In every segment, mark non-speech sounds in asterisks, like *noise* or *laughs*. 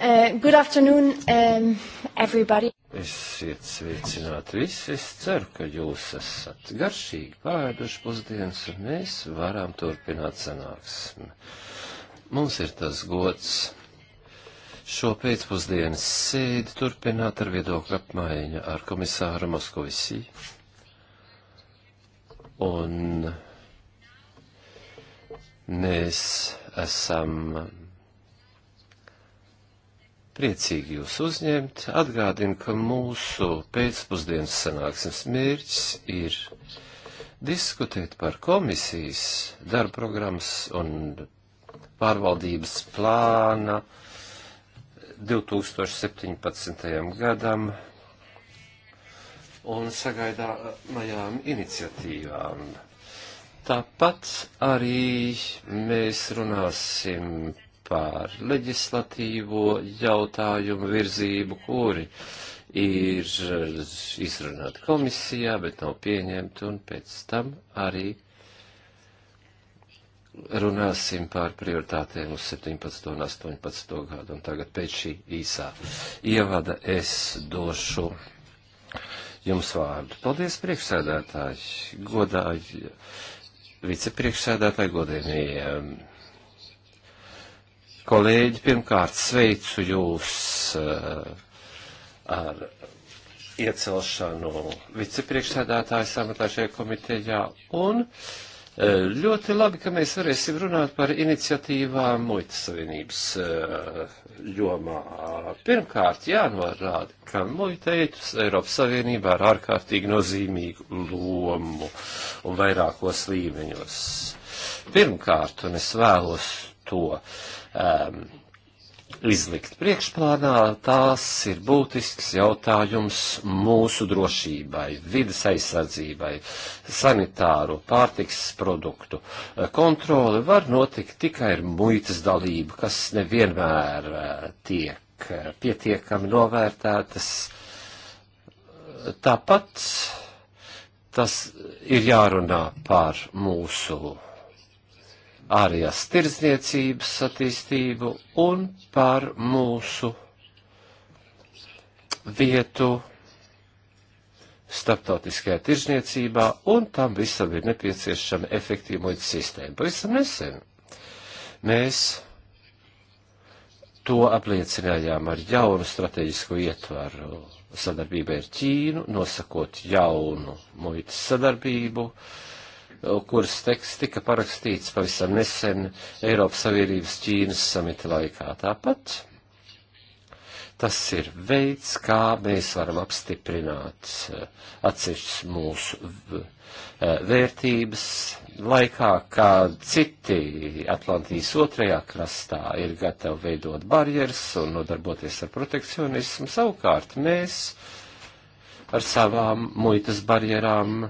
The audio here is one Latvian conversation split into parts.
Uh, good afternoon, um, everybody. Esiet sveicināti visi. Es ceru, ka jūs esat garšīgi pāēduši pusdienas, un mēs varam turpināt sanāksmi. Mums ir tas gods šo pēcpusdienas sēdi turpināt ar viedokļu apmaiņu ar komisāru Moskovisī. Un mēs esam priecīgi jūs uzņemt. Atgādinu, ka mūsu pēcpusdienas sanāksmes mērķis ir diskutēt par komisijas darba programmas un pārvaldības plāna 2017. gadam un sagaidāmajām iniciatīvām. Tāpat arī mēs runāsim par leģislatīvo jautājumu virzību, kuri ir izrunāti komisijā, bet nav pieņemti, un pēc tam arī runāsim par prioritātēm uz 17 un 18 gadu. Un tagad pēc šī īsā ievada es došu jums vārdu. Paldies, priekšsēdētāji, godāji vicepriekšsēdētāji, godējumie kolēģi, pirmkārt sveicu jūs eh, ar iecelšanu vicepriekšsēdētāju samatā šajā komitejā un eh, ļoti labi, ka mēs varēsim runāt par iniciatīvām muitas savienības eh, jomā. Pirmkārt, jānorāda, ka muita Eiropas Savienībā ir ārkārtīgi nozīmīgu lomu un vairākos līmeņos. Pirmkārt, un es vēlos to uh, um, izlikt priekšplānā, tās ir būtisks jautājums mūsu drošībai, vidas aizsardzībai, sanitāru, pārtiks produktu. Kontrole var notikt tikai ar muitas dalību, kas nevienmēr uh, tiek uh, pietiekami novērtētas. Tāpat tas ir jārunā par mūsu ārējās tirzniecības attīstību un par mūsu vietu starptautiskajā tirzniecībā, un tam visam ir nepieciešama efektīva muitas sistēma. Pavisam nesen mēs to apliecinājām ar jaunu strateģisku ietvaru sadarbībai ar Ķīnu, nosakot jaunu muitas sadarbību, uh, kuras teksts tika parakstīts pavisam nesen Eiropas Savienības Ķīnas samita laikā. Tāpat tas ir veids, kā mēs varam apstiprināt eh, atsevišķas mūsu eh, vērtības laikā, kad citi Atlantijas otrajā krastā ir gatavi veidot barjeras un nodarboties ar protekcionismu. Savukārt mēs ar savām muitas barjerām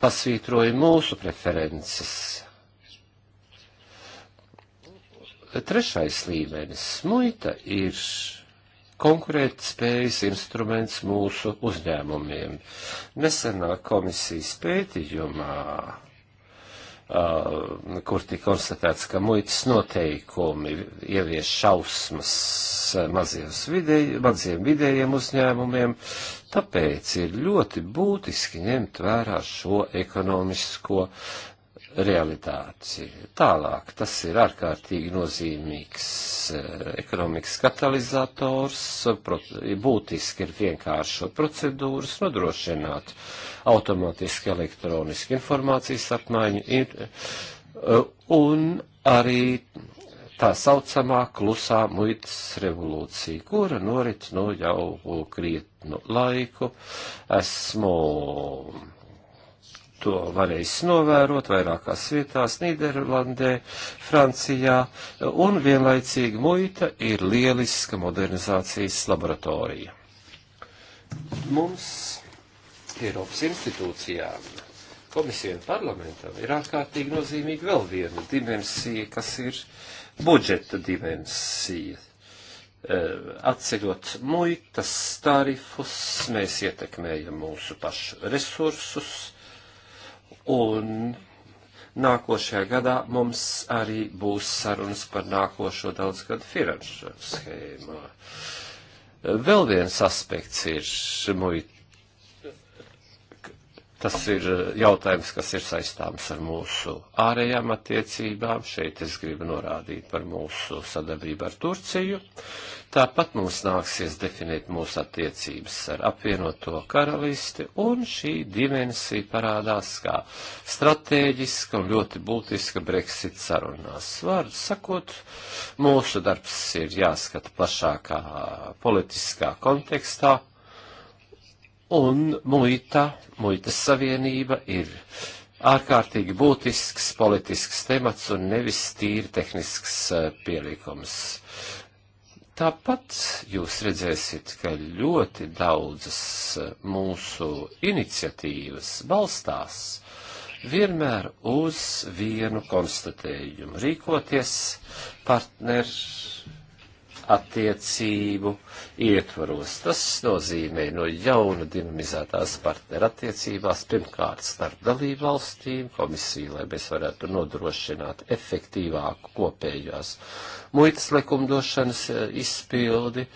pasvītroja mūsu preferences. Trešais līmenis - muita ir konkurētspējas instruments mūsu uzņēmumiem. Nesenā komisijas pētījumā Uh, kur tika konstatēts, ka muitas noteikumi ievieš šausmas vidēj, maziem vidējiem uzņēmumiem, tāpēc ir ļoti būtiski ņemt vērā šo ekonomisko realitāti. Tālāk tas ir ārkārtīgi nozīmīgs eh, ekonomikas katalizators, būtiski ir vienkāršot procedūras, nodrošināt automātiski elektronisku informācijas apmaiņu ir, eh, un arī tā saucamā klusā muitas revolūcija, kura norit no jau krietnu laiku. Esmu to varēs novērot vairākās vietās Nīderlandē, Francijā, un vienlaicīgi muita ir lieliska modernizācijas laboratorija. Mums Eiropas institūcijām, komisijai un parlamentam ir ārkārtīgi nozīmīga vēl viena dimensija, kas ir budžeta dimensija. E, atceļot muitas tarifus, mēs ietekmējam mūsu pašu resursus, un nākošajā gadā mums arī būs sarunas par nākošo daudzgadu finanšu schēmā. Vēl viens aspekts ir muita Tas ir eh, jautājums, kas ir saistāms ar mūsu ārējām attiecībām. Šeit es gribu norādīt par mūsu sadarbību ar Turciju. Tāpat mums nāksies definēt mūsu attiecības ar apvienoto karalisti, un šī dimensija parādās kā stratēģiska un ļoti būtiska Brexit sarunās. Vārdu sakot, mūsu darbs ir jāskata plašākā politiskā kontekstā Un muita, muitas savienība ir ārkārtīgi būtisks politisks temats un nevis tīri tehnisks eh, pielikums. Tāpat jūs redzēsiet, ka ļoti daudzas eh, mūsu iniciatīvas balstās vienmēr uz vienu konstatējumu - rīkoties partners attiecību ietvaros. Tas nozīmē no jauna dinamizētās partnerattiecībās pirmkārt starp dalību valstīm, komisiju, lai mēs varētu nodrošināt efektīvāku kopējās muitas likumdošanas eh, izpildi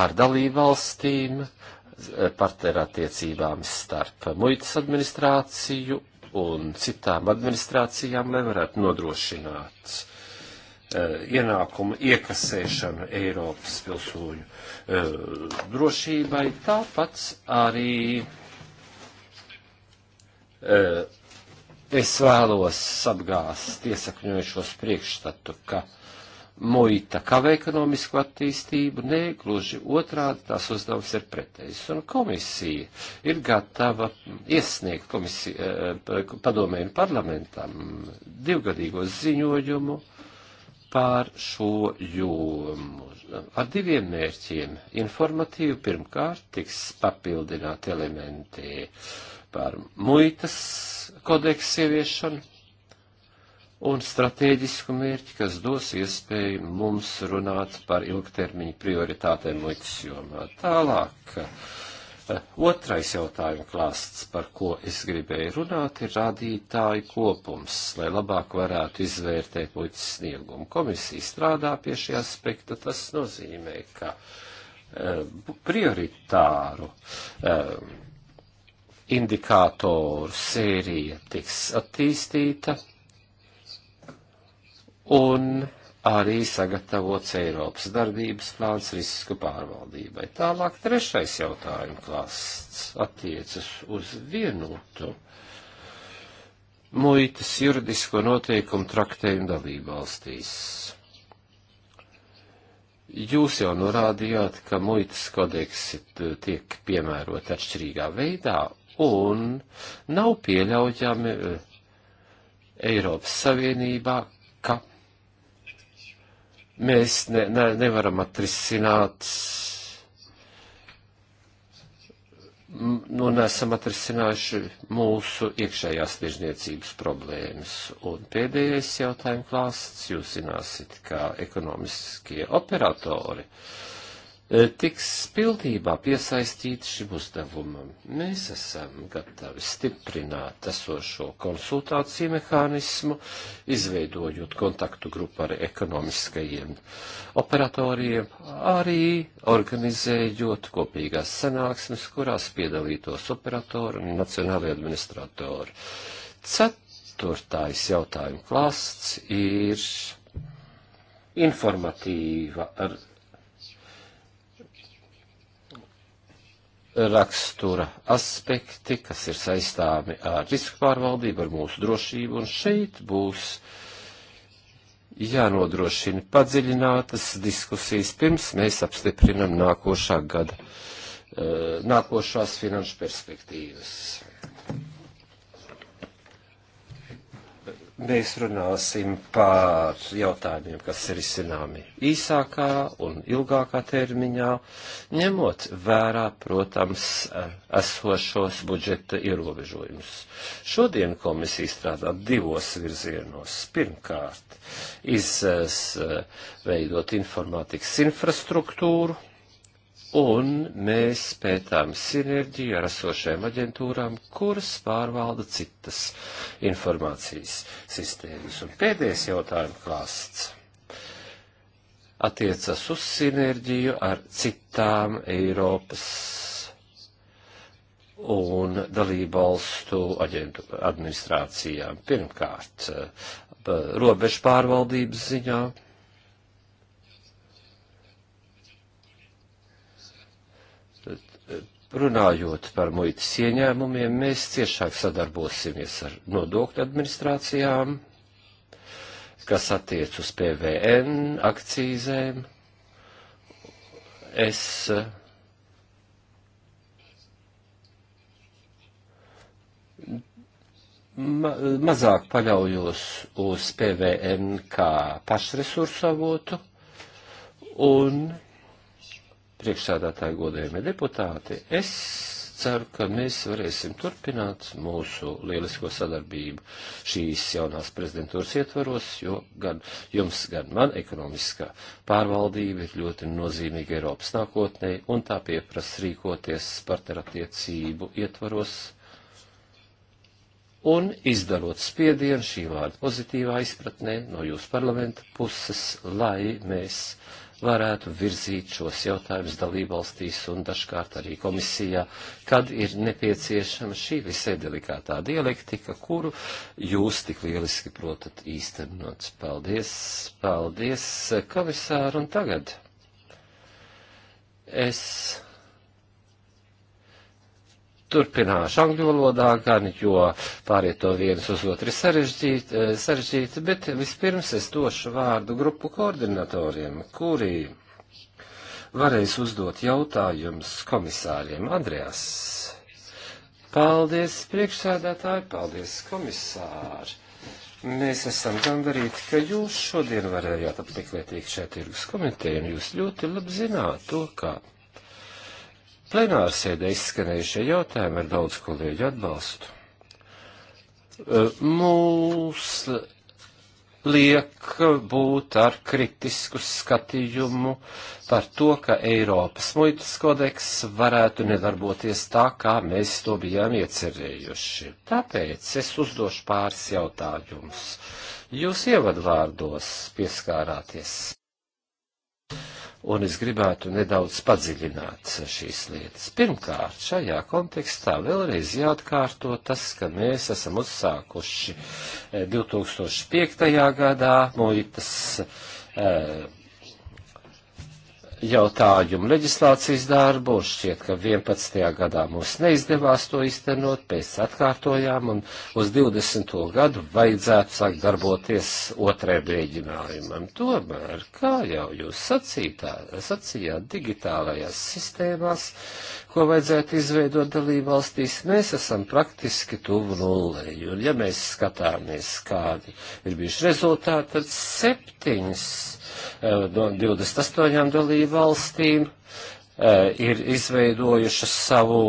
ar dalību valstīm, eh, partnerattiecībām starp muitas administrāciju un citām administrācijām, lai varētu nodrošināt Eh, ienākumu iekasēšanu Eiropas pilsoņu eh, drošībai, tāpat arī eh, es vēlos apgāst iesakņojušos priekšstatu, ka muita kavē ekonomisku attīstību, nē, gluži otrādi tās uzdevums ir pretējs. Un komisija ir gatava iesniegt komisija, padomēju parlamentam divgadīgo ziņojumu pār šo jomu. Ar diviem mērķiem - informatīvi pirmkārt tiks papildināt elementi par muitas kodeksu ieviešanu un strateģisku mērķi, kas dos iespēju mums runāt par ilgtermiņu prioritātēm muitas jomā. Tālāk E, otrais jautājuma klāsts, par ko es gribēju runāt, ir rādītāju kopums, lai labāk varētu izvērtēt muļķis sniegumu. Komisija strādā pie šī aspekta, tas nozīmē, ka eh, prioritāru eh, indikātoru sērija tiks attīstīta un arī sagatavots Eiropas darbības plāns risku pārvaldībai. Tālāk trešais jautājumu klāsts attiecas uz vienotu muitas juridisko noteikumu traktējumu dalību valstīs. Jūs jau norādījāt, ka muitas kodeksi tiek piemērot atšķirīgā veidā un nav pieļaujami eh, Eiropas Savienībā, ka Mēs ne, ne, nevaram atrisināt, nu, nesam atrisinājuši mūsu iekšējās tirzniecības problēmas. Un pēdējais jautājums klāsts, jūs zināsit, kā ekonomiskie operatori. Uh, E, tiks pilnībā piesaistīti šim uzdevumam. Mēs esam gatavi stiprināt esošo konsultāciju mehānismu, izveidojot kontaktu grupu ar ekonomiskajiem operatoriem, arī organizējot kopīgās sanāksmes, kurās piedalītos operatori un nacionālai administratori. Ceturtais jautājumu klāsts ir informatīva ar rakstura aspekti, kas ir saistāmi ar risku pārvaldību, ar mūsu drošību, un šeit būs jānodrošina padziļinātas diskusijas, pirms mēs apstiprinam nākošā gada, eh, nākošās finanšu perspektīvas. mēs runāsim par jautājumiem, kas ir izcināmi īsākā un ilgākā termiņā, ņemot vērā, protams, esošos budžeta ierobežojumus. Šodien komisija strādā divos virzienos. Pirmkārt, izveidot informātikas infrastruktūru, un mēs pētām sinerģiju ar esošajām aģentūrām, kuras pārvalda citas informācijas sistēmas. Un pēdējais jautājums klāsts attiecas uz sinerģiju ar citām Eiropas un dalībvalstu administrācijām. Pirmkārt, robežu pārvaldības ziņā runājot par muitas ieņēmumiem, mēs ciešāk sadarbosimies ar nodokļu administrācijām, kas attiec uz PVN, akcīzēm. Es ma mazāk paļaujos uz PVN kā pašresursu avotu un priekšsādātāji godējumie deputāti. Es ceru, ka mēs varēsim turpināt mūsu lielisko sadarbību šīs jaunās prezidentūras ietvaros, jo gan jums, gan man ekonomiskā pārvaldība ir ļoti nozīmīga Eiropas nākotnē, un tā pieprasa rīkoties partnerattiecību ietvaros un izdarot spiedienu šī vārda pozitīvā izpratnē no jūsu parlamenta puses, lai mēs varētu virzīt šos jautājumus dalībvalstīs un dažkārt arī komisijā, kad ir nepieciešama šī visai delikātā dialektika, kuru jūs tik lieliski protat īstenot. Paldies, paldies, komisāri, un tagad es turpināšu angļu valodā gan, jo pāriet to viens uz otru ir sarežģīti, eh, sarežģīti, bet vispirms es došu vārdu grupu koordinatoriem, kuri varēs uzdot jautājumus komisāriem. Andrejas, paldies priekšsēdētāji, paldies komisāri. Mēs esam gandarīti, ka jūs šodien varējāt apmeklēt iekšē tirgus komiteju, un jūs ļoti labi zināt to, kā. Ka Plenārsēdē izskanējušie jautājumi ar daudz kolēģu atbalstu. E, mūs liek būt ar kritisku skatījumu par to, ka Eiropas muitas kodeks varētu nedarboties tā, kā mēs to bijām iecerējuši. Tāpēc es uzdošu pāris jautājumus. Jūs ievadvārdos pieskārāties un es gribētu nedaudz padziļināt šīs lietas. Pirmkārt, šajā kontekstā vēlreiz jāatkārto tas, ka mēs esam uzsākuši 2005. Eh, gadā muitas. Uh, jautājumu leģislācijas darbu, un šķiet, ka 11. gadā mums neizdevās to iztenot, pēc atkārtojām, un uz 20. gadu vajadzētu sākt darboties otrajam mēģinājumam. Tomēr, kā jau jūs sacītā, sacījāt, digitālajās sistēmās, ko vajadzētu izveidot dalībvalstīs, mēs esam praktiski tuvu nullei, un ja mēs skatāmies, kādi ir bijuši rezultāti, tad septiņas 28 dalību valstīm ir izveidojušas savu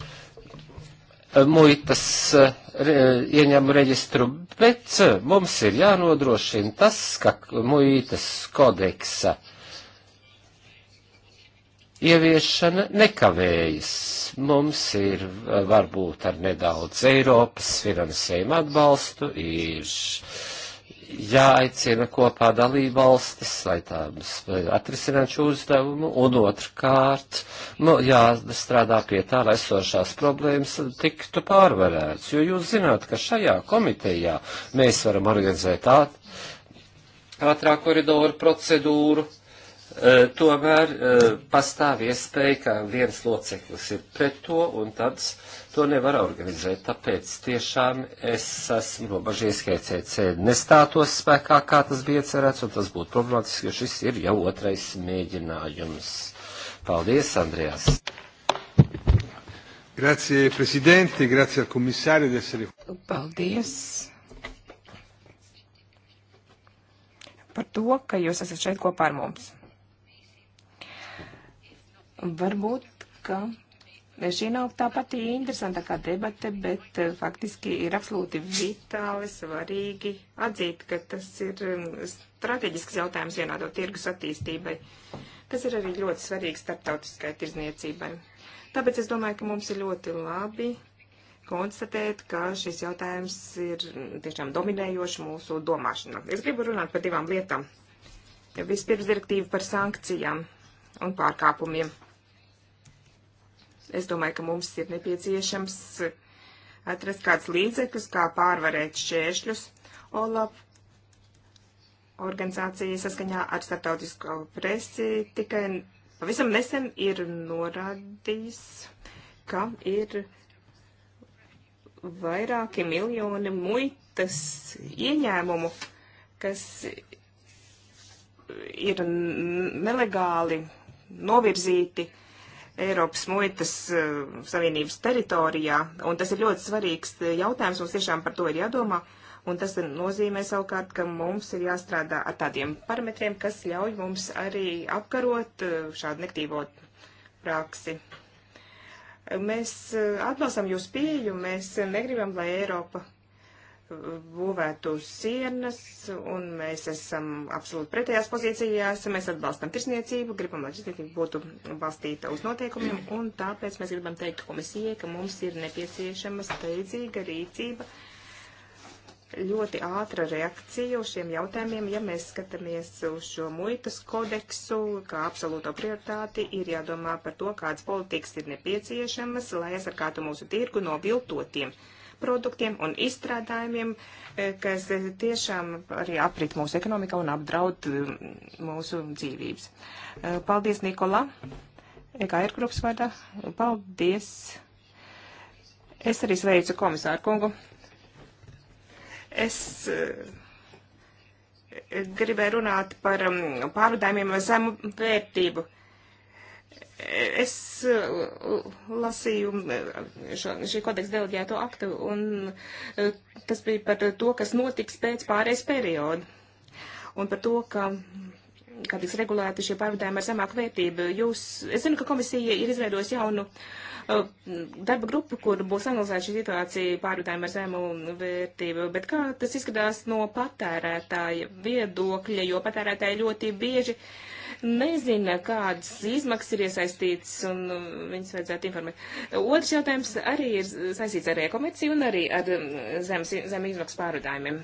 eh, muitas eh, ieņemu reģistru, bet eh, mums ir jānodrošina tas, ka muitas kodeksa uh, ieviešana nekavējas. Mums ir varbūt ar nedaudz Eiropas finansējuma atbalstu, ir jāaicina kopā dalībvalstis, lai tās atrisinātu šo uzdevumu, un otrkārt nu, jāstrādā pie tā, lai esošās problēmas tiktu pārvarētas. Jo jūs zināt, ka šajā komitejā mēs varam organizēt ātrā koridoru procedūru, Eh, tomēr eh, pastāv iespēja, ka viens loceklis ir pret to, un tad to nevar organizēt. Tāpēc tiešām es esmu robažies, ka ECC nestātos spēkā, kā tas bija cerēts, un tas būtu problemātiski, jo šis ir jau otrais mēģinājums. Paldies, Andrejās! Grazie Presidente, grazie al Commissario di essere qui. Paldies par to, ka jūs esat šeit kopā ar mums. Varbūt, ka šī nav tā pati interesantākā debate, bet eh, faktiski ir absolūti vitāli svarīgi atzīt, ka tas ir mm, strateģisks jautājums vienādo tirgus attīstībai. Tas ir arī ļoti svarīgi starptautiskai tirzniecībai. Tāpēc es domāju, ka mums ir ļoti labi konstatēt, ka šis jautājums ir mm, tiešām dominējoši mūsu domāšanā. Es gribu runāt par divām lietām. Vispirms direktīva par sankcijām un pārkāpumiem. Es domāju, ka mums ir nepieciešams atrast kāds līdzekļus, kā pārvarēt šķēršļus. Olaf organizācija saskaņā ar starptautisko presi tikai pavisam nesen ir norādījis, ka ir vairāki miljoni muitas ieņēmumu, kas ir nelegāli novirzīti uh, Eiropas muitas eh, savienības teritorijā, un tas ir ļoti svarīgs eh, jautājums, mums tiešām par to ir jādomā, un tas nozīmē savukārt, ka mums ir jāstrādā ar tādiem parametriem, kas ļauj mums arī apkarot eh, šādu nektīvo praksi. Mēs atbalstam jūs pieju, mēs negribam, lai Eiropa būvētu sienas, un mēs esam absolūti pretējās pozīcijās. Mēs atbalstam tirsniecību, gribam, lai tirsniecība būtu balstīta uz noteikumiem, un tāpēc mēs gribam teikt komisijai, ka mums ir nepieciešama steidzīga rīcība, ļoti ātra reakcija uz šiem jautājumiem. Ja mēs skatāmies uz šo muitas kodeksu, kā absolūto prioritāti, ir jādomā par to, kādas politikas ir nepieciešamas, lai aizsargātu mūsu tirgu no viltotiem. Uh, produktiem un izstrādājumiem, e, kas tiešām arī aprit mūsu ekonomikā un apdraud e, mūsu dzīvības. E, paldies, Nikola. EKR grupas vārdā. Paldies. Es arī sveicu komisāru kungu. Es gribēju runāt par mm, pārvadājumiem zemu vērtību. Uh, es eh, lasīju eh, šo, šī kodeksa deleģēto aktu, un eh, tas bija par to, kas notiks pēc pārējais perioda. Un par to, ka kā tiks regulēti šie pārvadājumi ar zemāku vērtību. Jūs, es zinu, ka komisija ir izveidojusi jaunu uh, darba grupu, kur būs analizēta šī situācija pārvadājumi ar zemu vērtību, bet kā tas izskatās no patērētāja viedokļa, jo patērētāji ļoti bieži uh, nezina, kādas izmaksas ir iesaistītas, un um, viņas vajadzētu informēt. Otrs jautājums arī ir saistīts ar e-komerciju un arī ar um, zemes, zemes izmaksas pārādājumiem.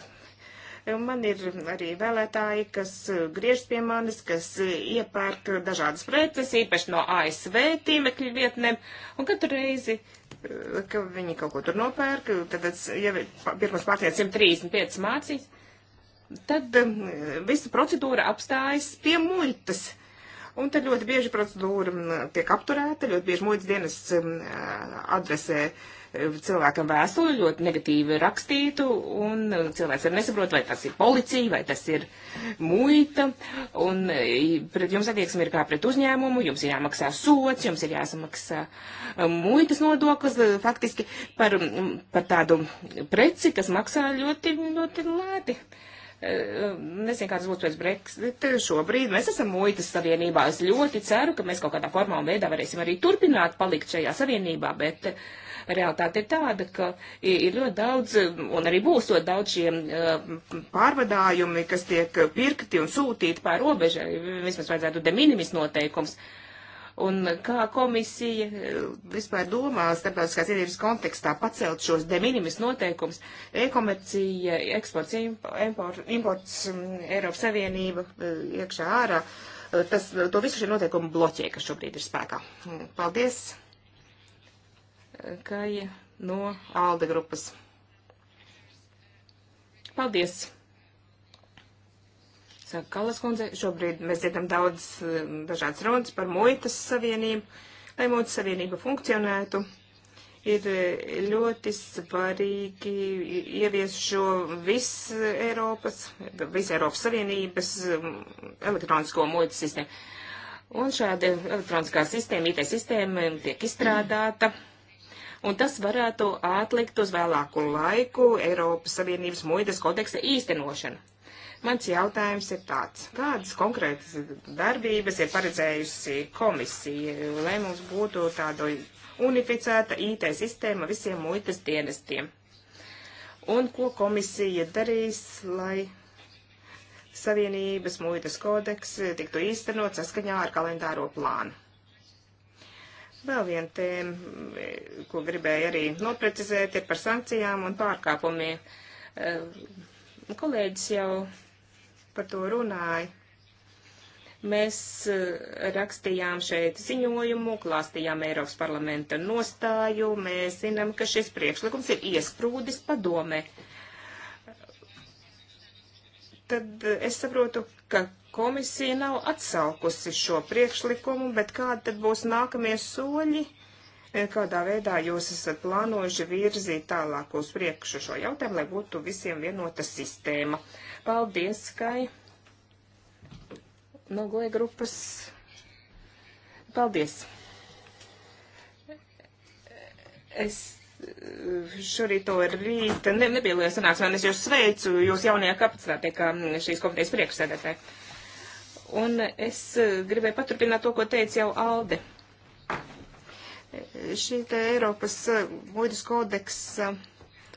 Man ir arī vēlētāji, kas uh, griež pie manis, kas uh, iepērk dažādas preces, īpaši no ASV tīmekļu vietnēm, un katru reizi, uh, ka viņi kaut ko tur nopērk, tad, ja pirmās pārtiec 135 mācīs, tad um, visa procedūra apstājas pie muitas. Un tad ļoti bieži procedūra um, tiek apturēta, ļoti bieži muitas dienas um, adresē cilvēkam vēstuli ļoti negatīvi rakstītu, un cilvēks arī nesaprot, vai tas ir policija, vai tas ir muita, un pret jums attieksme ir kā pret uzņēmumu, jums ir jāmaksā sots, jums ir jāsamaksā muitas nodoklis, uh, faktiski par, par tādu preci, kas maksā ļoti, ļoti lēti. Uh, Eh, nezinu, kāds būs pēc Brexit. Šobrīd mēs esam muitas savienībā. Es ļoti ceru, ka mēs kaut kādā formā un veidā varēsim arī turpināt palikt šajā savienībā, bet eh, realitāte ir tāda, ka ir ļoti daudz, un arī būs ļoti daudz šie eh, pārvadājumi, kas tiek pirkti un sūtīti pār robežai. Vismaz vajadzētu de minimis noteikums. Uh, Un kā komisija eh, vispār domā starptautiskās iedības kontekstā pacelt šos de minimis noteikums, e-komercija, eksports, import, imports, mm, Eiropas Savienība, eh, iekšā ārā, eh, tas, to visu šie noteikumi bloķē, kas šobrīd ir spēkā. Mm, paldies, Kaja no Alde grupas. Paldies! Saka Kalas kundze, šobrīd mēs dzirdam daudz um, dažādas runas par muitas savienību. Lai muitas savienība funkcionētu, ir eh, ļoti svarīgi ievies šo visu Eiropas, visu Eiropas Savienības um, elektronisko muitas sistēmu. Un šāda elektroniskā sistēma, IT sistēma um, tiek izstrādāta. Un tas varētu atlikt uz vēlāku laiku Eiropas Savienības muitas kodeksa īstenošanu. Mans jautājums ir tāds, kādas konkrētas darbības ir paredzējusi komisija, lai mums būtu tāda unificēta IT sistēma visiem muitas dienestiem? Un ko komisija darīs, lai Savienības muitas kodeks tiktu īstenot saskaņā ar kalendāro plānu. Vēl viena tēma, ko gribēju arī noprecizēt, ir par sankcijām un pārkāpumiem. Kolēģis jau par to runāja. Mēs e, rakstījām šeit ziņojumu, klāstījām Eiropas parlamenta nostāju. Mēs zinām, ka šis priekšlikums ir iesprūdis padomē. Tad e, es saprotu, ka komisija nav atsaukusi šo priekšlikumu, bet kādi tad būs nākamie soļi? E, kādā veidā jūs esat plānojuši virzīt tālāk uz priekšu šo jautājumu, lai būtu visiem vienota sistēma? Uh, Paldies, Kai. No goja grupas. Paldies. Es eh, šorīt to rīt ne, nebija liela sanāksme, un es jūs sveicu, jūs jaunajā kapacitātē, kā mm, šīs komitejas priekšsēdētāji. Un es eh, gribēju paturpināt to, ko teica jau Alde. Eh, šī te Eiropas muitas kodeksa. Uh,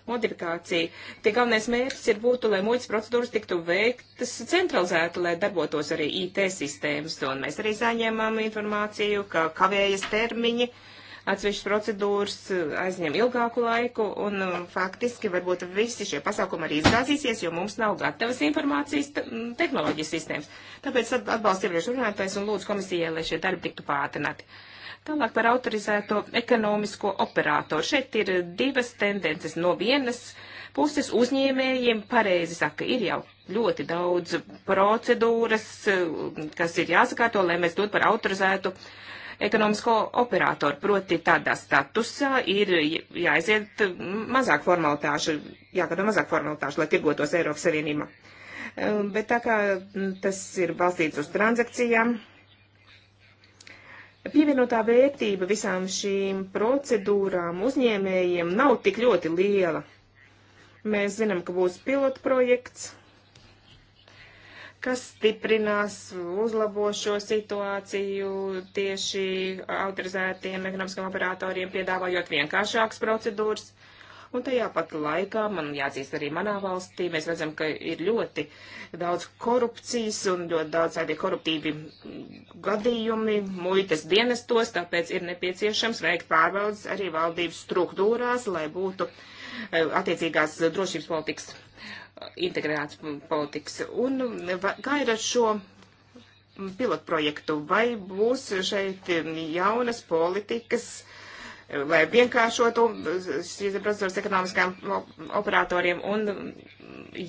modifikāciju. Tie galvenais mērķis ir būtu, lai muitas procedūras tiktu veiktas centralizēti, lai darbotos arī IT sistēmas. Un mēs arī saņēmām informāciju, ka kavējas termiņi atsevišķas procedūras uh, aizņem ilgāku laiku, un uh, faktiski varbūt visi šie pasākumi arī izgāzīsies, jo mums nav gatavas informācijas tehnoloģijas sistēmas. Tāpēc atbalsts iepriekš runātais un lūdzu komisijai, lai šie darbi tiktu pātrināti. Uh, Tālāk par autorizēto ekonomisko operātoru. Šeit ir divas tendences. No vienas puses uzņēmējiem pareizi saka, ir jau ļoti daudz procedūras, eh, kas ir jāsakārto, lai mēs dotu par autorizētu ekonomisko operātoru. Proti tādā statusā ir jāaiziet mazāk formalitāšu, jāgado mazāk formalitāšu, lai tirgotos Eiropas Savienībā. Eh, bet tā kā tas ir balstīts uz transakcijām, Pievienotā vērtība visām šīm procedūrām uzņēmējiem nav tik ļoti liela. Mēs zinām, ka būs pilotprojekts, kas stiprinās, uzlabo šo situāciju tieši autorizētiem ekonomiskam operatoriem, piedāvājot vienkāršākas procedūras. Un tajā pat laikā, man jāatzīst arī manā valstī, mēs redzam, ka ir ļoti daudz korupcijas un ļoti daudz tādi koruptīvi gadījumi muitas dienestos, tāpēc ir nepieciešams veikt pārbaudas arī valdības struktūrās, lai būtu e, attiecīgās drošības politikas e, integrēts politikas. Un e, kā ir ar šo pilotprojektu? Vai būs šeit jaunas politikas lai vienkāršotu šīs procedūras ekonomiskām operatoriem. Un,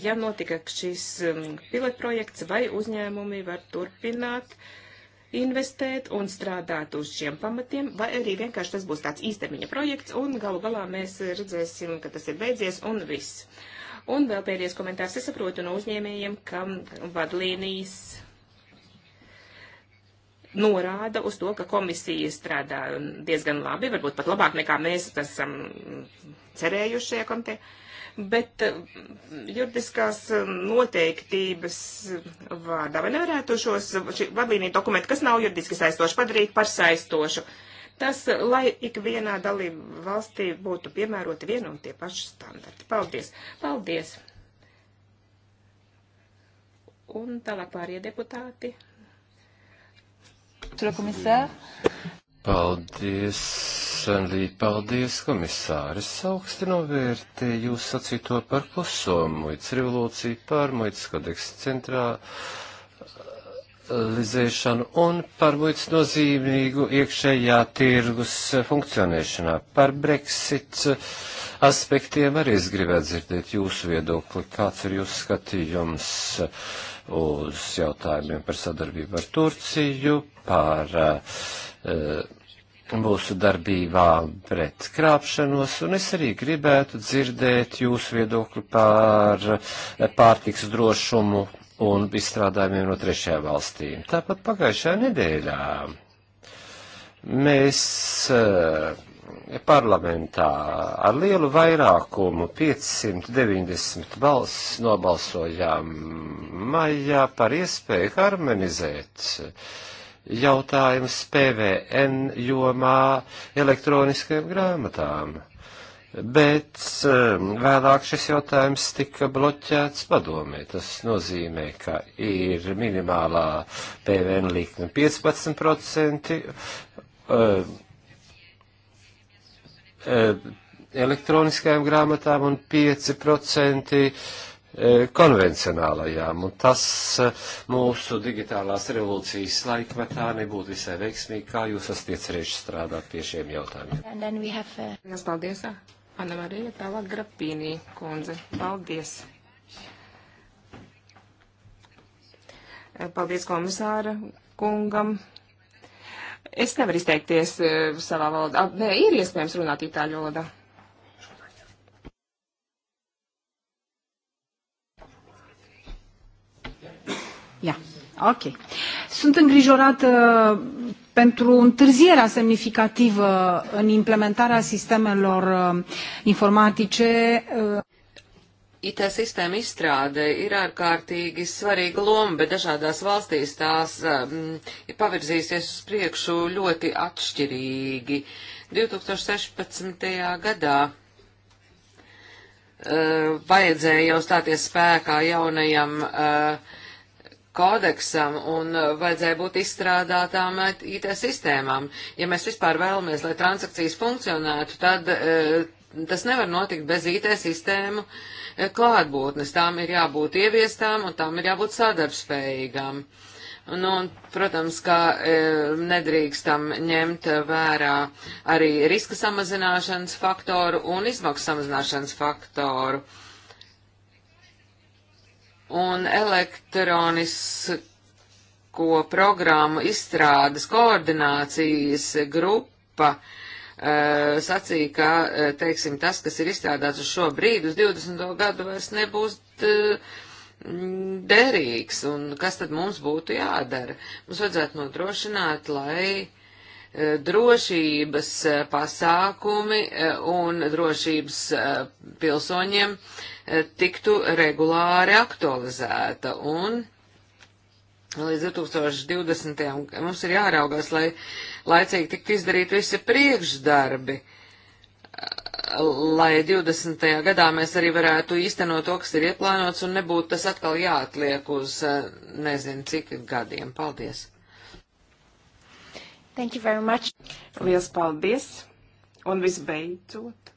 ja notika šis um, pilotprojekts, vai uzņēmumi var turpināt investēt un strādāt uz šiem pamatiem, vai arī vienkārši tas būs tāds īstermiņa projekts, un galu galā mēs redzēsim, ka tas ir beidzies un viss. Un vēl pēdējais komentārs. Es saprotu no uzņēmējiem, ka vadlīnijas norāda uz to, ka komisija strādā diezgan labi, varbūt pat labāk nekā mēs esam um, cerējuši šajā komitē, bet uh, juridiskās um, noteiktības vārdā vai nevarētu šos vadlīniju dokumentu, kas nav juridiski saistoši, padarīt par saistošu. Tas, uh, lai ik vienā dalību valstī būtu piemēroti vienu un tie paši standarti. Paldies! Paldies! Un tālāk pārējie deputāti. Paldies, Anlī, paldies, komisāris. Augsti novērtē jūs sacīto par kluso muitas revolūciju, par muitas kodeksu centralizēšanu un par muitas nozīmīgu iekšējā tirgus funkcionēšanā, par Brexit aspektiem arī es gribētu dzirdēt jūsu viedokli. Kāds ir jūsu skatījums uz jautājumiem par sadarbību ar Turciju, par uh, mūsu darbībām pret krāpšanos, un es arī gribētu dzirdēt jūsu viedokli par eh, pārtiks drošumu un izstrādājumiem no trešajām valstīm. Tāpat pagājušajā nedēļā mēs uh, parlamentā ar lielu vairākumu 590 balss nobalsojām maijā par iespēju harmonizēt jautājumus PVN jomā elektroniskajām grāmatām. Bet um, vēlāk šis jautājums tika bloķēts padomē. Tas nozīmē, ka ir minimālā PVN likme 15%. Uh, um, Eh, elektroniskajām grāmatām un 5% eh, konvencionālajām. Un tas eh, mūsu digitālās revolūcijas laikmetā nebūtu visai veiksmīgi, kā jūs esat iecerējuši strādāt pie šiem jautājumiem. Have... Mēs paldies, Anna Marija, tālāk Grapīnī kundze. Paldies! Paldies komisāra kungam Es nevaru izteikties e, savā valodā. Nē, ir iespējams runāt itāļu valodā. Ia, ok. Sunt îngrijorată e, pentru întârzierea semnificativă în implementarea sistemelor e, informatice. IT sistēma izstrāde ir ārkārtīgi svarīga loma, bet dažādās valstīs tās um, ir pavirzīsies uz priekšu ļoti atšķirīgi. 2016. gadā uh, vajadzēja jau stāties spēkā jaunajam uh, kodeksam un uh, vajadzēja būt izstrādātām uh, IT sistēmām. Ja mēs vispār vēlamies, lai transakcijas funkcionētu, tad uh, tas nevar notikt bez IT sistēmu eh, klātbūtnes. Tām ir jābūt ieviestām un tām ir jābūt sadarbspējīgām. Nu, un, protams, ka e, nedrīkstam ņemt vērā arī riska samazināšanas faktoru un izmaksu samazināšanas faktoru. Un elektronisko programmu izstrādes koordinācijas grupa e, Eh, sacīja, ka, eh, teiksim, tas, kas ir izstrādāts uz šo brīdi, uz 20. gadu vairs nebūs eh, mm, derīgs, un kas tad mums būtu jādara? Mums vajadzētu nodrošināt, lai drošības pasākumi un drošības pilsoņiem tiktu regulāri aktualizēta. Un līdz 2020. mums ir jāraugās, lai laicīgi tiktu izdarīt visi priekšdarbi, lai 20. gadā mēs arī varētu īstenot to, kas ir ieplānots, un nebūtu tas atkal jāatliek uz eh, nezinu cik gadiem. Paldies! Thank you very much. Liels paldies! Un visbeidzot,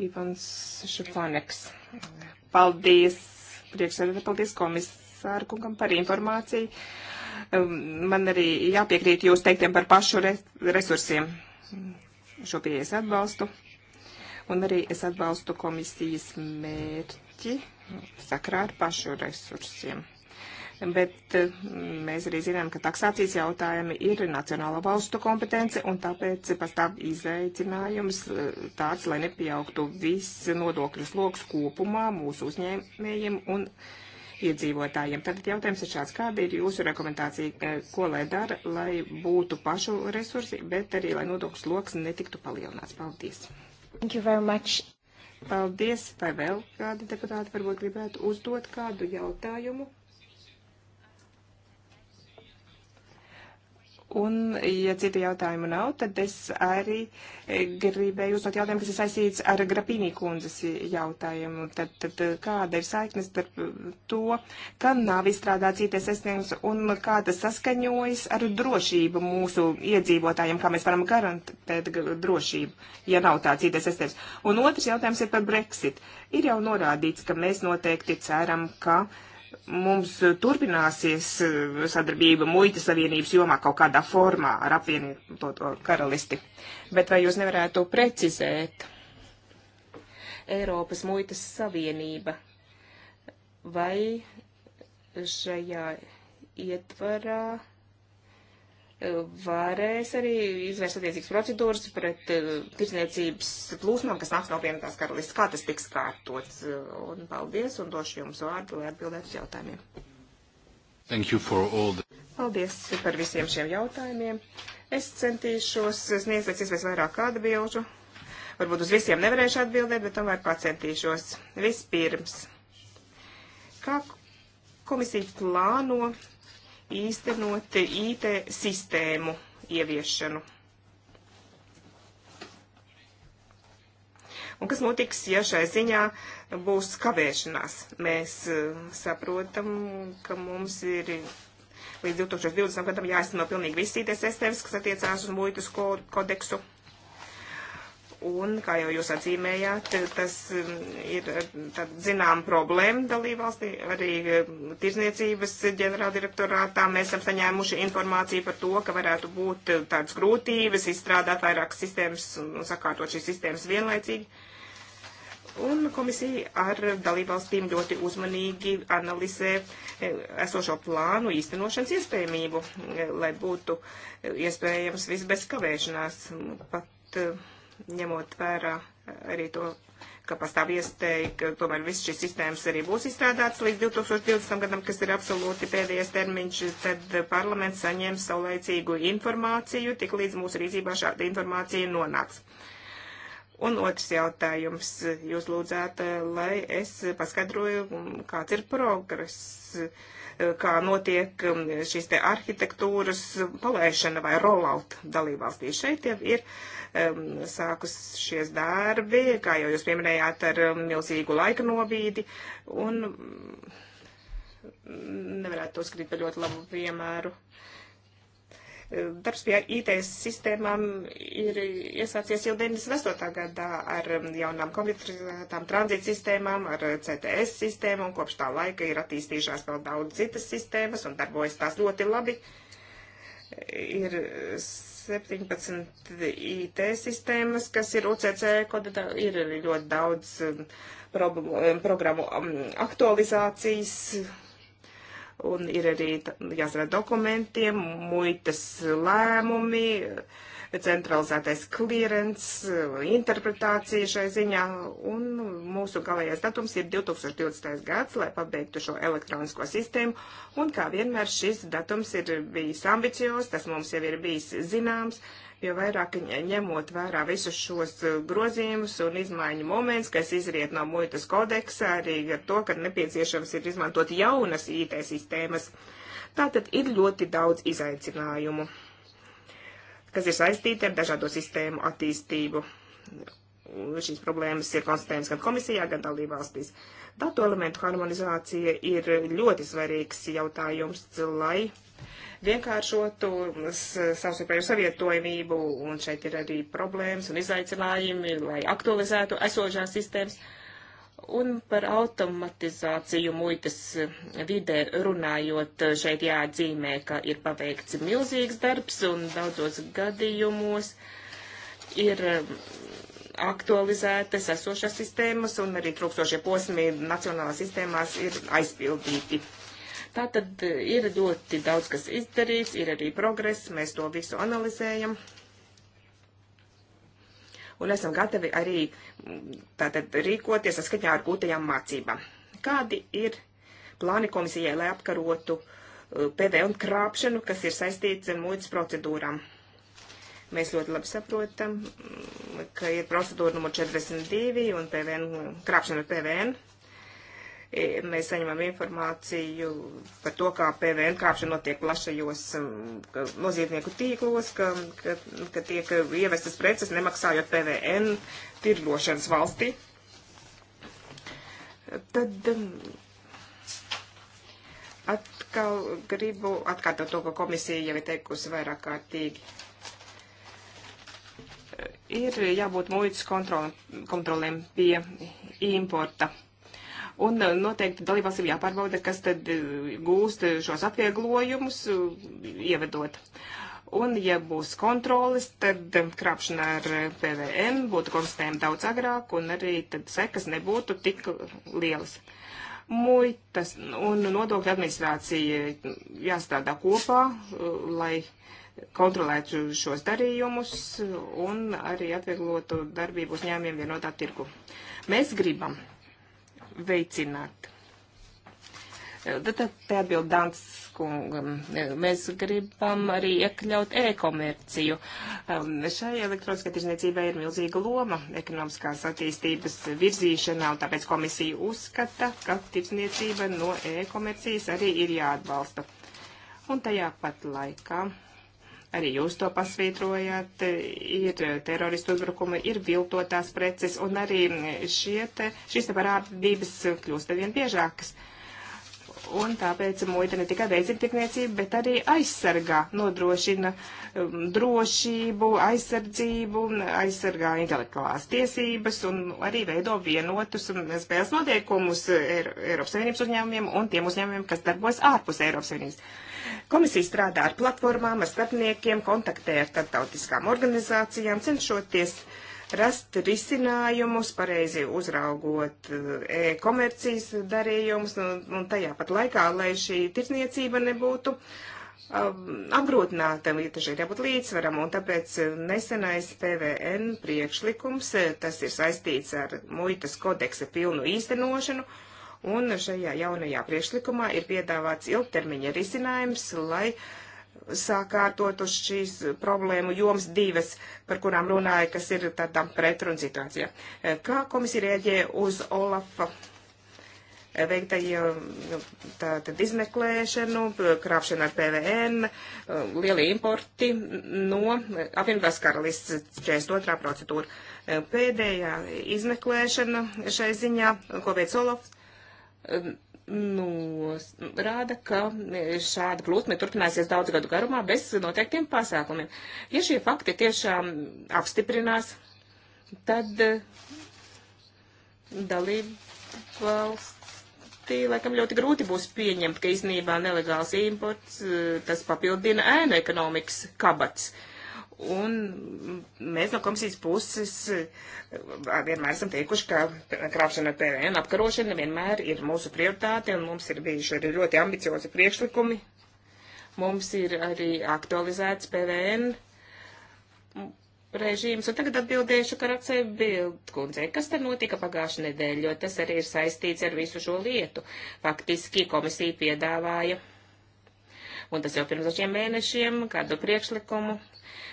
Ivans Šafāneks. Paldies! Priekšsēdētāji, paldies komisārkungam par informāciju. Man arī jāpiekrīt jūs teiktiem par pašu re resursiem. Šo pieejas atbalstu. Un arī es atbalstu komisijas mērķi sakrā ar pašu resursiem bet eh, mēs arī zinām, ka taksācijas jautājumi ir nacionālo valstu kompetence, un tāpēc pastāv izaicinājums eh, tāds, lai nepieaugtu viss nodokļu sloks kopumā mūsu uzņēmējiem un uzņēmējiem iedzīvotājiem. Tātad jautājums ir šāds, kāda ir jūsu rekomendācija, e, ko lai dara, lai būtu pašu resursi, bet arī, lai nodokļu sloks netiktu palielināts. Paldies! Thank you very much. Paldies! Vai vēl kādi deputāti varbūt gribētu uzdot kādu jautājumu? Un, ja citu jautājumu nav, tad es arī eh, gribēju uzdot jautājumu, kas ir saistīts ar Grapīnī kundzes jautājumu. Tad, tad eh, kāda ir saiknes starp to, ka nav izstrādāts IT sistēmas un kā tas saskaņojas ar drošību mūsu iedzīvotājiem, kā mēs varam garantēt drošību, ja nav tāds IT sistēmas. Un otrs jautājums ir par Brexit. Ir jau norādīts, ka mēs noteikti ceram, ka. Uh, mums eh, turpināsies eh, sadarbība muitas savienības jomā kaut kādā formā ar apvienoto karalisti. Bet vai jūs nevarētu precizēt Eiropas muitas savienība? Vai šajā ietvarā varēs arī izvērst attiecīgas procedūras pret eh, tirsniecības plūsmām, kas nāks no apvienotās karalistes. Kā tas tiks kārtots? Un paldies, un došu jums vārdu, lai atbildētu uz jautājumiem. The... Paldies par visiem šiem jautājumiem. Es centīšos sniegt pēc iespējas vairāk atbilžu. Varbūt uz visiem nevarēšu atbildēt, bet tomēr pacentīšos. Vispirms, kā komisija plāno īstenot IT sistēmu ieviešanu. Un kas notiks, ja šai ziņā būs kavēšanās? Mēs eh, saprotam, ka mums ir līdz 2020. gadam jāizteno pilnīgi visi IT sistēmas, kas attiecās uz muitas kodeksu. Un, kā jau jūs atzīmējāt, tas um, ir uh, zinām problēma dalībvalstī. Arī um, tirzniecības ģenerāldirektorātā mēs esam saņēmuši informāciju par to, ka varētu būt uh, tādas grūtības izstrādāt vairākas sistēmas un sakārtot šīs sistēmas vienlaicīgi. Un komisija ar dalībvalstīm ļoti uzmanīgi analizē eh, esošo plānu īstenošanas iespējamību, eh, lai būtu eh, iespējams viss bez kavēšanās. Pat, uh, ņemot vērā arī to, ka pastāv iespēja, ka tomēr viss šīs sistēmas arī būs izstrādāts līdz 2020. gadam, kas ir absolūti pēdējais termiņš, tad parlaments saņems saulēcīgu informāciju, tik līdz mūsu rīcībā šāda informācija nonāks. Un otrs jautājums. Jūs lūdzāt, lai es paskaidroju, um, kāds ir progress, uh, kā notiek um, šīs te arhitektūras palaišana vai rollout dalībvalstī. Šeit jau ir sākus šies darbi, kā jau jūs pieminējāt, ar milzīgu laika nobīdi, un mm, nevarētu to skatīt par ļoti labu piemēru darbs pie IT sistēmām ir iesācies jau 98. gadā ar jaunām komputerizētām tranzīta sistēmām, ar CTS sistēmu, un kopš tā laika ir attīstījušās vēl daudz citas sistēmas un darbojas tās ļoti labi. Ir 17 IT sistēmas, kas ir UCC kodā, ir ļoti daudz um, um, programmu um, aktualizācijas, un ir arī jāsarā dokumentiem, muitas lēmumi, uh, centralizētais klierents, interpretācija šai ziņā, un mūsu galējais datums ir 2020. gads, lai pabeigtu šo elektronisko sistēmu, un kā vienmēr šis datums ir bijis ambicios, tas mums jau ir bijis zināms, jo vairāk ņemot vērā visus šos grozījumus un izmaiņu moments, kas izriet no muitas kodeksa, arī ar to, ka nepieciešams ir izmantot jaunas IT sistēmas. Tātad ir ļoti daudz izaicinājumu kas ir saistīti ar dažādo sistēmu attīstību. Šīs problēmas ir konstatējums gan komisijā, gan dalībvalstīs. Datu elementu harmonizācija ir ļoti svarīgs jautājums, lai vienkāršotu savstarpēju savietojamību, un šeit ir arī problēmas un izaicinājumi, lai aktualizētu esošās sistēmas. Uh, Un par automatizāciju muitas vidē runājot, šeit jāatzīmē, ka ir paveikts milzīgs darbs un daudzos gadījumos ir um, aktualizētas esošas sistēmas un arī trūkstošie posmi nacionālās sistēmās ir aizpildīti. Tātad ir ļoti daudz, kas izdarīts, ir arī progress, mēs to visu analizējam un esam gatavi arī mm, tātad rīkoties saskaņā ar gūtajām mācībām. Kādi ir plāni komisijai, lai apkarotu uh, PVN un krāpšanu, kas ir saistīts ar muitas procedūrām? Mēs ļoti labi saprotam, mm, ka ir procedūra numur 42 un PVN, krāpšana ar PVN E, mēs saņemam informāciju par to, kā PVN kāpšana notiek plašajos um, noziedznieku tīklos, ka, ka, ka tiek ievestas preces nemaksājot PVN tirgošanas valstī. Tad um, atkal gribu atkārtot to, ko komisija jau ir teikusi vairāk kārtīgi. Ir jābūt muitas kontrolēm pie importa. Un eh, noteikti dalībvalstīm jāpārbauda, kas tad eh, gūst eh, šos atvieglojumus, ievedot. Un, ja būs kontrolis, tad krāpšana ar PVN būtu konstatējama daudz agrāk, un arī tad sekas nebūtu tik lielas. Muitas un nodokļu administrācija jāstrādā kopā, lai kontrolētu šos darījumus un arī atvieglotu darbību uzņēmiem vienotā tirgu. Mēs gribam, veicināt. Tad te atbild Dants kungam. Mēs gribam arī iekļaut e-komerciju. Um, šai elektroniskai tirzniecībai ir milzīga loma ekonomiskās attīstības virzīšanā, un tāpēc komisija uzskata, ka tirzniecība no e-komercijas arī ir jāatbalsta. Un tajā pat laikā arī jūs to pasvītrojāt, ir teroristu uzbrukumi, ir viltotās preces, un arī te, šīs te parādības kļūst arvien biežākas. Un tāpēc muita ne tikai veicina tirniecību, bet arī aizsargā, nodrošina um, drošību, aizsardzību, aizsargā intelektuālās tiesības un arī veido vienotus um, spēles noteikumus Eiropas Savienības uzņēmumiem un tiem uzņēmumiem, kas darbojas ārpus Eiropas Savienības. Komisija strādā ar platformām, ar starpniekiem, kontaktē ar starptautiskām organizācijām, cenšoties rast risinājumus, pareizi uzraugot eh, e-komercijas darījumus un, un tajā pat laikā, lai šī tirzniecība nebūtu um, apgrūtinātam, ja taču ir jābūt līdzsvaram, un tāpēc eh, nesenais PVN priekšlikums, eh, tas ir saistīts ar muitas kodeksa pilnu īstenošanu, Un šajā jaunajā priekšlikumā ir piedāvāts ilgtermiņa risinājums, lai sākārtotu šīs problēmu joms divas, par kurām runāja, kas ir tādā pretrun situācijā. Kā komisija rēģē uz Olafa veiktajiem nu, tātad izmeklēšanu, krāpšanu ar PVN, lieli importi no apvienotās karalists 42. procedūra. Pēdējā izmeklēšana šai ziņā, ko veic Olafs, nu, rāda, ka šāda plūsma turpināsies daudz gadu garumā bez noteiktiem pasākumiem. Ja šie fakti tiešām apstiprinās, tad eh, dalībvalstī laikam ļoti grūti būs pieņemt, ka iznībā nelegāls imports eh, tas papildina ēnu ekonomikas kabats. Uh, Un mēs no komisijas puses eh, vienmēr esam teikuši, ka krāpšana ar PVN apkarošana vienmēr ir mūsu prioritāte, un mums ir bijuši arī ļoti ambiciozi priekšlikumi. Mums ir arī aktualizēts PVN režīms, un tagad atbildēšu karacē bildkundzei, kas te notika pagājušajā nedēļā, jo tas arī ir saistīts ar visu šo lietu. Faktiski komisija piedāvāja un tas jau pirms dažiem mēnešiem, kādu priekšlikumu,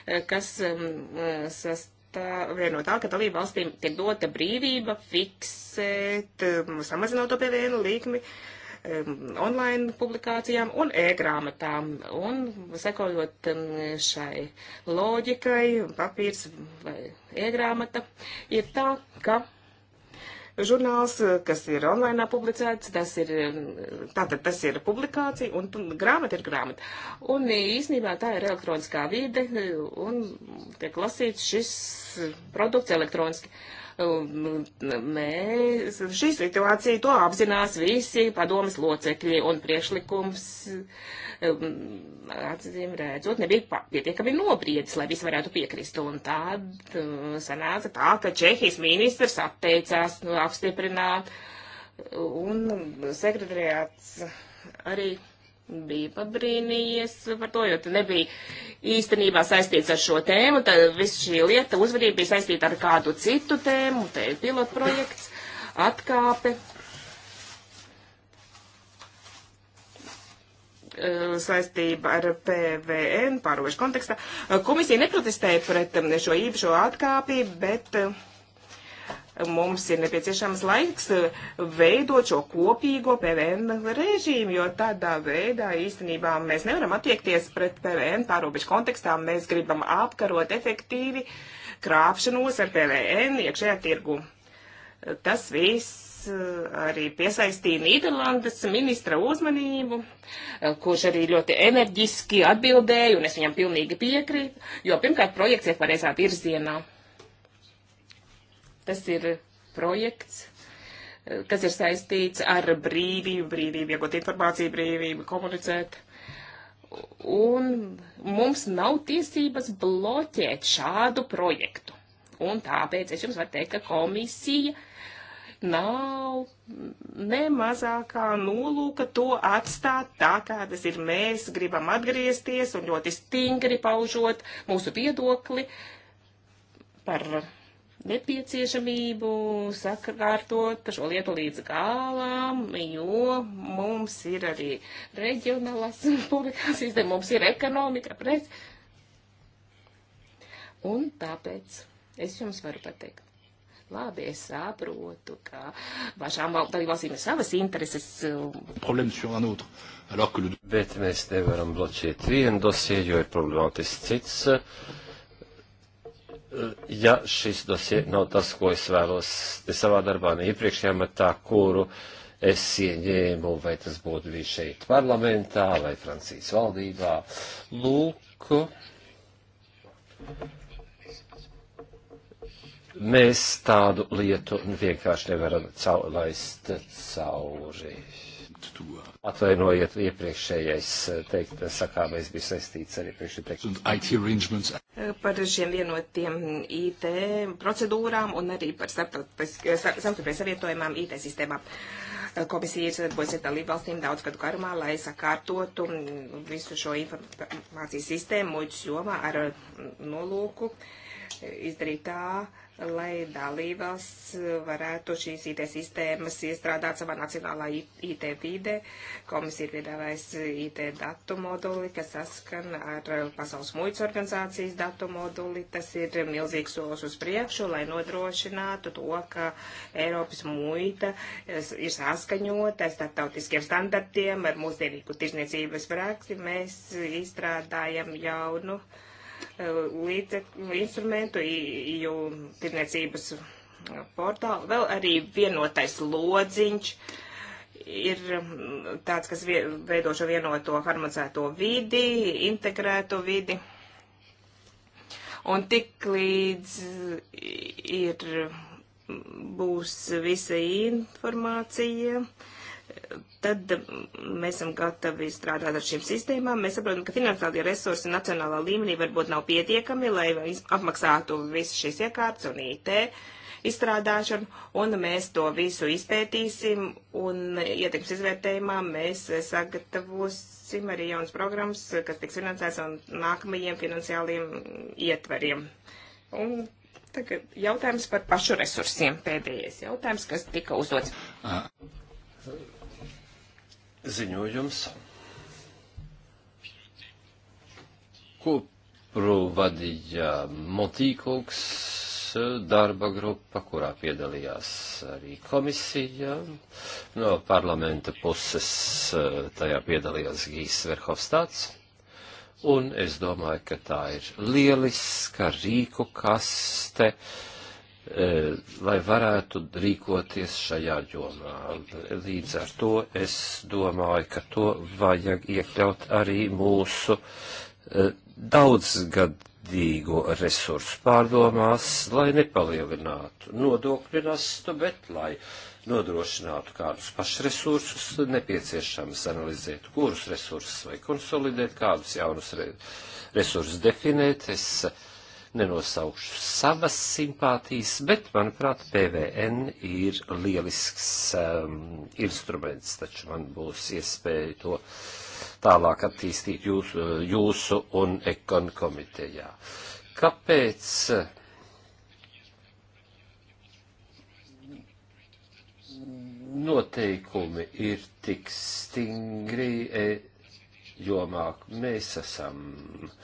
eh, kas mm, eh, sastāv no tā, ka dalību valstīm tiek dota brīvība fiksēt mm, samazināto PVN likmi mm, online publikācijām un e-grāmatām. Un sekojot šai loģikai, papīrs vai e-grāmata, ir tā, ka žurnāls, kas ir online publicēts, tas ir, um, tātad tas ir publikācija, un grāmata ir grāmata. Un īsnībā tā ir elektroniskā vide, un tiek lasīts šis produkts elektroniski. Uh, Mēs, šī situācija to apzinās visi padomas locekļi un priekšlikums, um, atzīm redzot, nebija pietiekami nobriedis, lai visi varētu piekrist. Un tad uh, sanāca tā, ka Čehijas ministrs atteicās apstiprināt un sekretariāts arī biju pabrīnījies par to, jo tu nebija īstenībā saistīts ar šo tēmu, tad viss šī lieta uzvedība bija saistīta ar kādu citu tēmu, te ir pilotprojekts, atkāpe. Eh, saistība ar PVN pārobežu kontekstā. Eh, komisija neprotestēja pret eh, šo īpašo atkāpi, bet uh, mums ir nepieciešams laiks eh, veidot šo kopīgo PVN režīmu, jo tādā veidā īstenībā mēs nevaram attiekties pret PVN pārobežu kontekstā. Mēs gribam apkarot efektīvi krāpšanos ar PVN iekšējā tirgu. Tas viss eh, arī piesaistīja Nīderlandes ministra uzmanību, eh, kurš arī ļoti enerģiski atbildēja, un es viņam pilnīgi piekrītu, jo pirmkārt projekts ir pareizā virzienā. Tas ir projekts, kas ir saistīts ar brīvību, brīvību iegūt informāciju, brīvību komunicēt. Un mums nav tiesības bloķēt šādu projektu. Un tāpēc es jums varu teikt, ka komisija nav ne mazākā nolūka to atstāt tā, kā tas ir. Mēs gribam atgriezties un ļoti stingri paužot mūsu viedokli par nepieciešamību sakārtot šo lietu līdz galam, jo mums ir arī reģionālās *laughs* publikācijas, te mums ir ekonomika, prets. Un tāpēc es jums varu pateikt. Labi, es saprotu, ka pašām valstīm ir savas intereses. Um, Bet mēs nevaram bloķēt vienu dosiju, jo ir problemātisks cits. Uh, ja šis dosie nav tas, ko es vēlos te savā darbā, ne iepriekšējā matā, kuru es ieņēmu, vai tas būtu bijis šeit parlamentā vai Francijas valdībā. Lūk, mēs tādu lietu vienkārši nevaram laist cauri. Atvainojiet, iepriekšējais eh, teikt, sakāmais bija saistīts ar iepriekšēju teiktu. Par šiem vienotiem IT procedūrām un arī par eh, starptautiskajiem savietojumām IT sistēmām. Eh, komisija ir sadarbojas ar dalību valstīm daudz gadu garumā, lai sakārtotu mm, visu šo informācijas sistēmu muļķu jomā ar mm, nolūku. Uh, izdarīt tā, lai dalībvalsts varētu šīs IT sistēmas iestrādāt savā nacionālā IT vide. Komisija ir piedāvājusi IT datu moduli, kas saskan ar Pasaules muitas organizācijas datu moduli. Tas ir milzīgs solis uz priekšu, lai nodrošinātu to, ka Eiropas muita ir saskaņota ar starptautiskiem standartiem, ar mūsdienīgu tirzniecības praksi. Mēs izstrādājam jaunu. No līdzekļu instrumentu, jo tirniecības portālu. Vēl arī vienotais lodziņš ir um, tāds, kas veido šo vienoto harmonizēto vidi, integrēto vidi. Un tik līdz ir, būs visa informācija, uh, tad mēs esam gatavi strādāt ar šīm sistēmām. Mēs saprotam, ka finansiālie resursi nacionālā līmenī varbūt nav pietiekami, lai apmaksātu visu šīs iekārtas un IT izstrādāšanu, un mēs to visu izpētīsim, un ietekmes izvērtējumā mēs sagatavosim arī jaunas programmas, kas tiks finansēts un nākamajiem finansiāliem ietvariem. Un Tagad jautājums par pašu resursiem. Pēdējais jautājums, kas tika uzdots. Ah ziņojums kopru vadīja Motīkungs darba grupa, kurā piedalījās arī komisija. No parlamenta puses eh, tajā piedalījās Gīs Verhofstāds. Un es domāju, ka tā ir lieliska rīku kaste. Uh, E, lai varētu rīkoties šajā jomā. Līdz ar to es domāju, ka to vajag iekļaut arī mūsu e, daudzgadīgo resursu pārdomās, lai nepalielinātu nodokļu nastu, bet lai nodrošinātu kādus pašresursus, nepieciešams analizēt, kurus resursus vai konsolidēt, kādus jaunus re resursus definēt. Es, uh, nenosaukšu savas simpātijas, bet, manuprāt, PVN ir lielisks um, instruments, taču man būs iespēja to tālāk attīstīt jūsu, uh, jūsu un ekon komitejā. Kāpēc? Uh, noteikumi ir tik stingri, e, jomā mēs esam uh,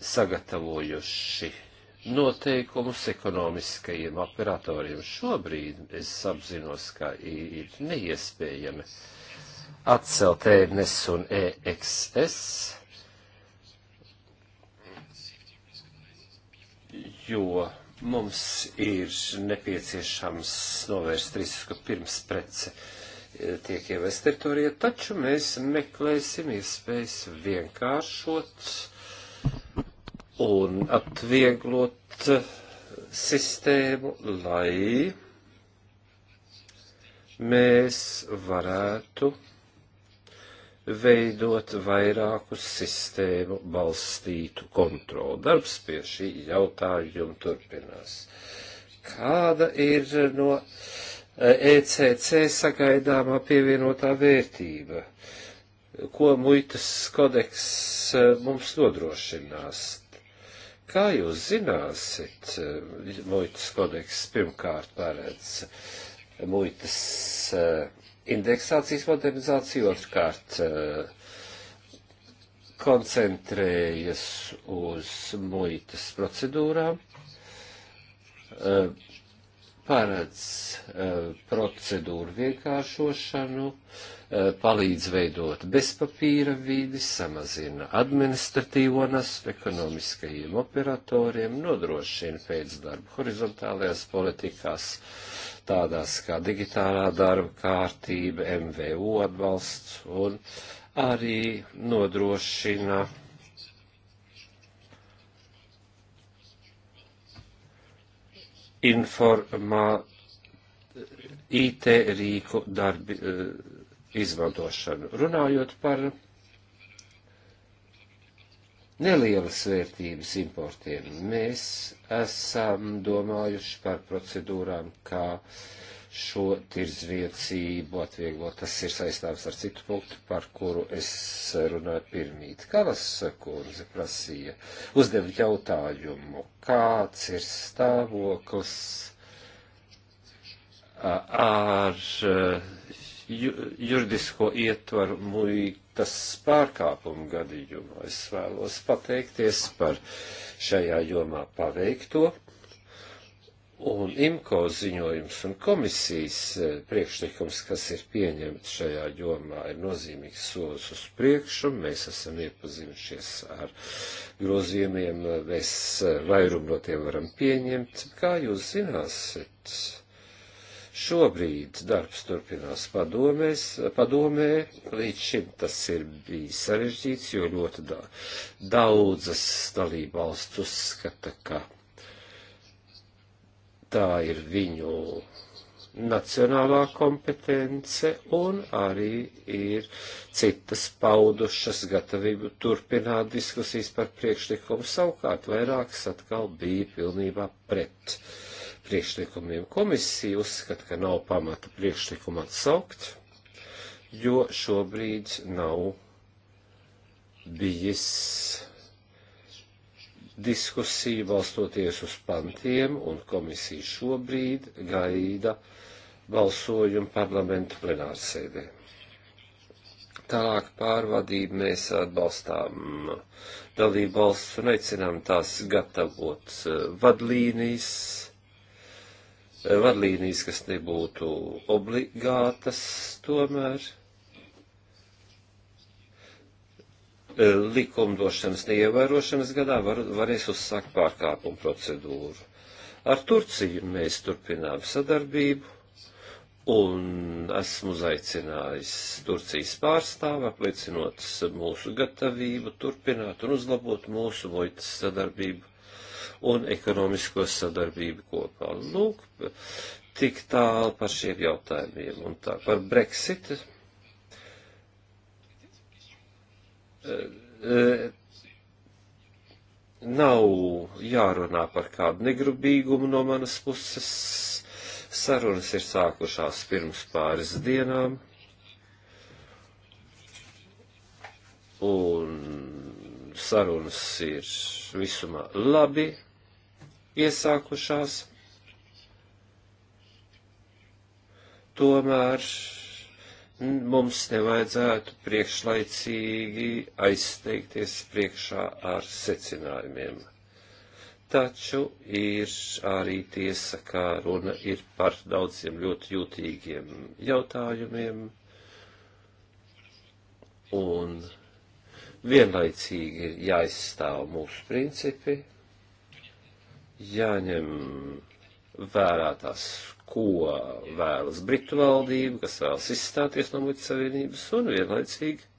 sagatavojuši noteikumus ekonomiskajiem operatoriem. Šobrīd es apzinos, ka ir neiespējami atcelt ENS un EXS, jo mums ir nepieciešams novērst risku pirms prece e, tiek ievest teritorijā, taču mēs meklēsim iespējas vienkāršot un atvieglot eh, sistēmu, lai mēs varētu veidot vairāku sistēmu balstītu kontroli. Darbs pie šī jautājuma turpinās. Kāda ir no ECC eh, e sagaidāmā pievienotā vērtība? Uh, ko muitas kodeks eh, mums nodrošinās. Kā jūs zināsit, eh, muitas kodeks pirmkārt paredz muitas eh, indeksācijas modernizāciju, otrkārt koncentrējas uz muitas procedūrām, paredz procedūru vienkāršošanu, Eh, palīdz veidot bezpapīra vidi, samazina administratīvo nastu ekonomiskajiem operatoriem, nodrošina pēcdarbu horizontālajās politikās, tādās kā digitālā darba kārtība, MVU atbalsts un arī nodrošina informā IT rīku darbi, eh, izmantošanu. Runājot par nelielas vērtības importiem, mēs esam domājuši par procedūrām, kā šo tirdzniecību atvieglot. Tas ir saistāms ar citu punktu, par kuru es runāju pirmīt. Kalas kundze prasīja, uzdev jautājumu, kāds ir stāvoklis ar ju, juridisko ietvaru muitas pārkāpumu gadījumā. Es vēlos pateikties par šajā jomā paveikto. Un IMCO ziņojums un komisijas eh, priekšlikums, kas ir pieņemts šajā jomā, ir nozīmīgs solis uz priekšu. Mēs esam iepazinušies ar grozījumiem, mēs eh, vairumu no tiem varam pieņemt. Kā jūs zināsiet? Šobrīd darbs turpinās padomēs, padomē, līdz šim tas ir bijis sarežģīts, jo ļoti da daudzas dalība valsts uzskata, ka tā ir viņu nacionālā kompetence un arī ir citas paudušas gatavību turpināt diskusijas par priekšlikumu savukārt vairākas atkal bija pilnībā pret. Uh, priekšlikumiem. Komisija uzskata, ka nav pamata priekšlikumu atsaukt, jo šobrīd nav bijis diskusija balstoties uz pantiem, un komisija šobrīd gaida balsojumu parlamentu plenārsēdē. Tālāk pārvadību mēs atbalstām dalību valsts un aicinām tās gatavot eh, vadlīnijas vadlīnijas, kas nebūtu obligātas, tomēr e, likumdošanas neievērošanas gadā var, varēs uzsākt pārkāpumu procedūru. Ar Turciju mēs turpinām sadarbību, un esmu uzaicinājis Turcijas pārstāvu, apliecinot mūsu gatavību turpināt un uzlabot mūsu voitas sadarbību un ekonomisko sadarbību kopā. Lūk, tik tālu par šiem jautājumiem un tā par Brexit. E, e, nav jārunā par kādu negrubīgumu no manas puses. Sarunas ir sākušās pirms pāris dienām. Un sarunas ir visumā labi iesākušās. Tomēr mums nevajadzētu priekšlaicīgi aizsteigties priekšā ar secinājumiem. Taču ir arī tiesa, kā runa ir par daudziem ļoti jūtīgiem jautājumiem un vienlaicīgi ir jāizstāv mūsu principi, jāņem vērā tas, ko vēlas Britu valdība, kas vēlas izstāties no muitas savienības un vienlaicīgi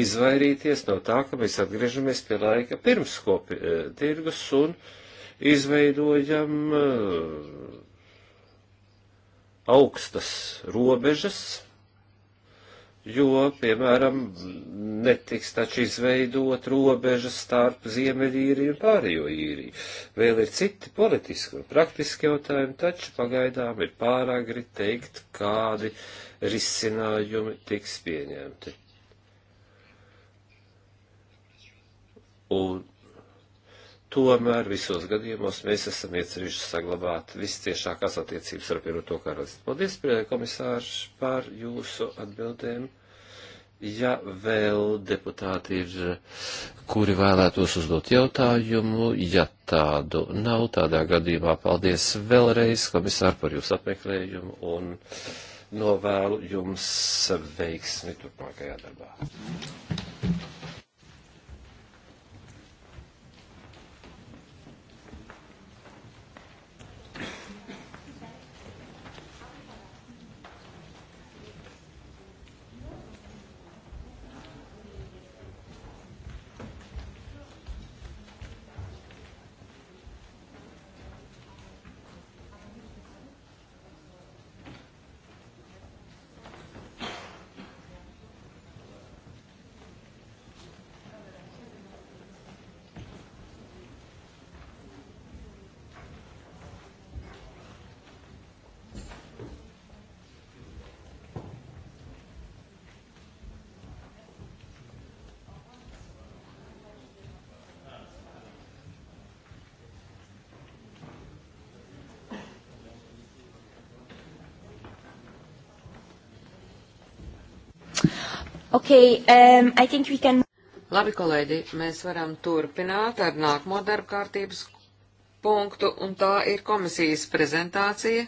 izvairīties no tā, ka mēs atgriežamies pie laika pirms kopi e, tirgus un izveidojam e, augstas robežas, jo, piemēram, netiks taču izveidot robeža starp Ziemeļīriju un pārējo īriju. Vēl ir citi politiski un praktiski jautājumi, taču pagaidām ir pāragri teikt, kādi risinājumi tiks pieņemti. Un tomēr visos gadījumos mēs esam iecerījuši saglabāt visciešākās attiecības ar Pienoto karalisti. Paldies, komisārs, par jūsu atbildēm. Ja vēl deputāti ir, kuri vēlētos uzdot jautājumu, ja tādu nav, tādā gadījumā paldies vēlreiz, komisār, par jūsu apmeklējumu un novēlu jums veiksmi turpmākajā darbā. Okay, um, I think we can... Labi, kolēģi, mēs varam turpināt ar nākamo darba kārtības punktu, un tā ir komisijas prezentācija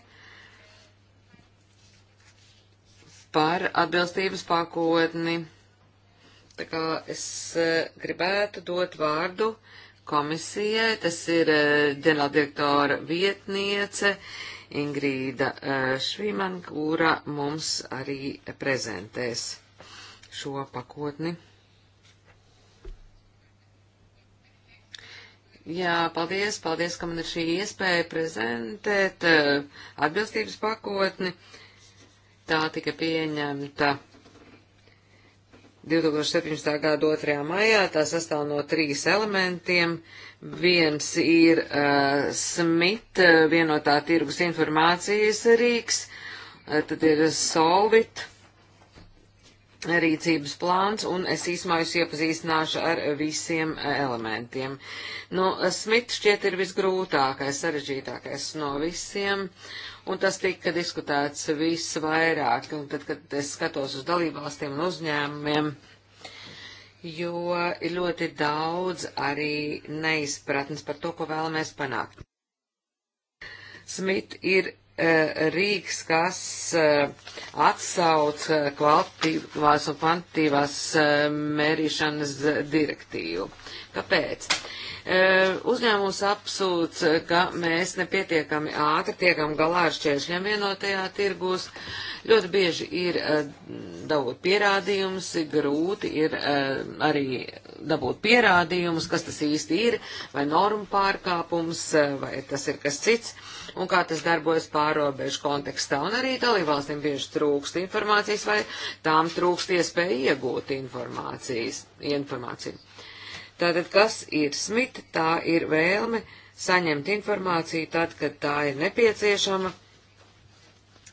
par atbilstības pakotni. Tā kā es eh, gribētu dot vārdu komisijai, tas ir eh, ģenerāldirektora vietniece Ingrīda eh, Švīman, kura mums arī prezentēs šo pakotni. Jā, paldies, paldies, ka man ir šī iespēja prezentēt uh, atbilstības pakotni. Tā tika pieņemta 2017. gada 2. maijā, tā sastāv no trīs elementiem. Viens ir uh, eh, SMIT, eh, vienotā tirgus informācijas rīks, uh, tad ir SOLVIT rīcības plāns, un es īsumā jūs iepazīstināšu ar visiem eh, elementiem. Nu, eh, Smits šķiet ir visgrūtākais, sarežģītākais no visiem, un tas tika diskutēts visvairāk, un tad, kad es skatos uz dalībvalstiem un uzņēmumiem, jo ir ļoti daudz arī neizpratnes par to, ko vēlamies panākt. Smit ir Eh, rīks, kas eh, atsauc eh, kvalitīvās un kvantitīvās mērīšanas direktīvu. Kāpēc? Uzņēmums apsūdz, ka mēs nepietiekami ātri tiekam galā ar šķēršļiem vienotajā tirgūs. Ļoti bieži ir dabūt pierādījumus, grūti ir arī dabūt pierādījumus, kas tas īsti ir, vai norma pārkāpums, vai tas ir kas cits un kā tas darbojas pārobežu kontekstā. Un arī dalībvalstīm bieži trūkst informācijas vai tām trūkst iespēja iegūt informācijas, informāciju. Tātad, kas ir smita, tā ir vēlme saņemt informāciju tad, kad tā ir nepieciešama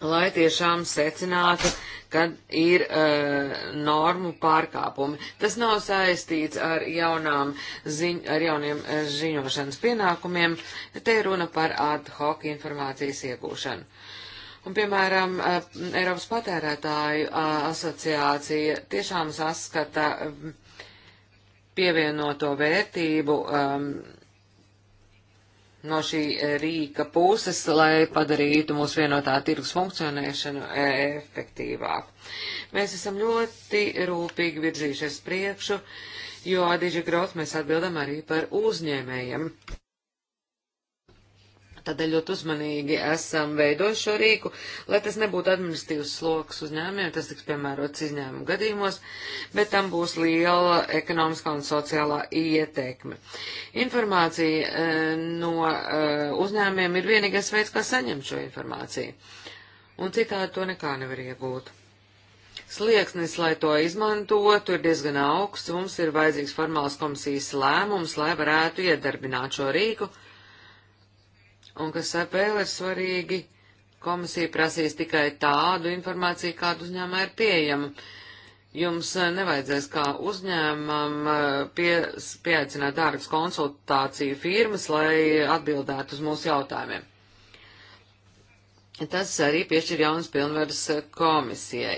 lai tiešām secinātu, kad ir uh, normu pārkāpumi. Tas nav saistīts ar, jaunām ziņ, ar jauniem eh, ziņošanas pienākumiem, te ir runa par ad hoc informācijas iegūšanu. Un, piemēram, eh, Eiropas patērētāju asociācija tiešām saskata pievienoto vērtību um, no šī e, rīka puses, lai padarītu mūsu vienotā tirgus funkcionēšanu e, efektīvāku. Mēs esam ļoti rūpīgi virzījušies priekšu, jo Adiži Grots mēs atbildam arī par uzņēmējiem. Tādēļ ļoti uzmanīgi esam veidojuši šo rīku, lai tas nebūtu administratīvs sloks uzņēmumiem, tas tiks piemērots izņēmumu gadījumos, bet tam būs liela ekonomiskā un sociālā ietekme. Informācija e, no e, uzņēmumiem ir vienīgais veids, kā saņemt šo informāciju, un citādi to nekā nevar iegūt. Slieksnis, lai to izmantotu, ir diezgan augsts, mums ir vajadzīgs formāls komisijas lēmums, lai varētu iedarbināt šo rīku un ka SAPL ir svarīgi, komisija prasīs tikai tādu informāciju, kādu uzņēmumā ir pieejama. Jums eh, nevajadzēs kā uzņēmumam eh, pie, pieaicināt dārgas konsultāciju firmas, lai atbildētu uz mūsu jautājumiem. Tas arī piešķir jaunas pilnvaras eh, komisijai.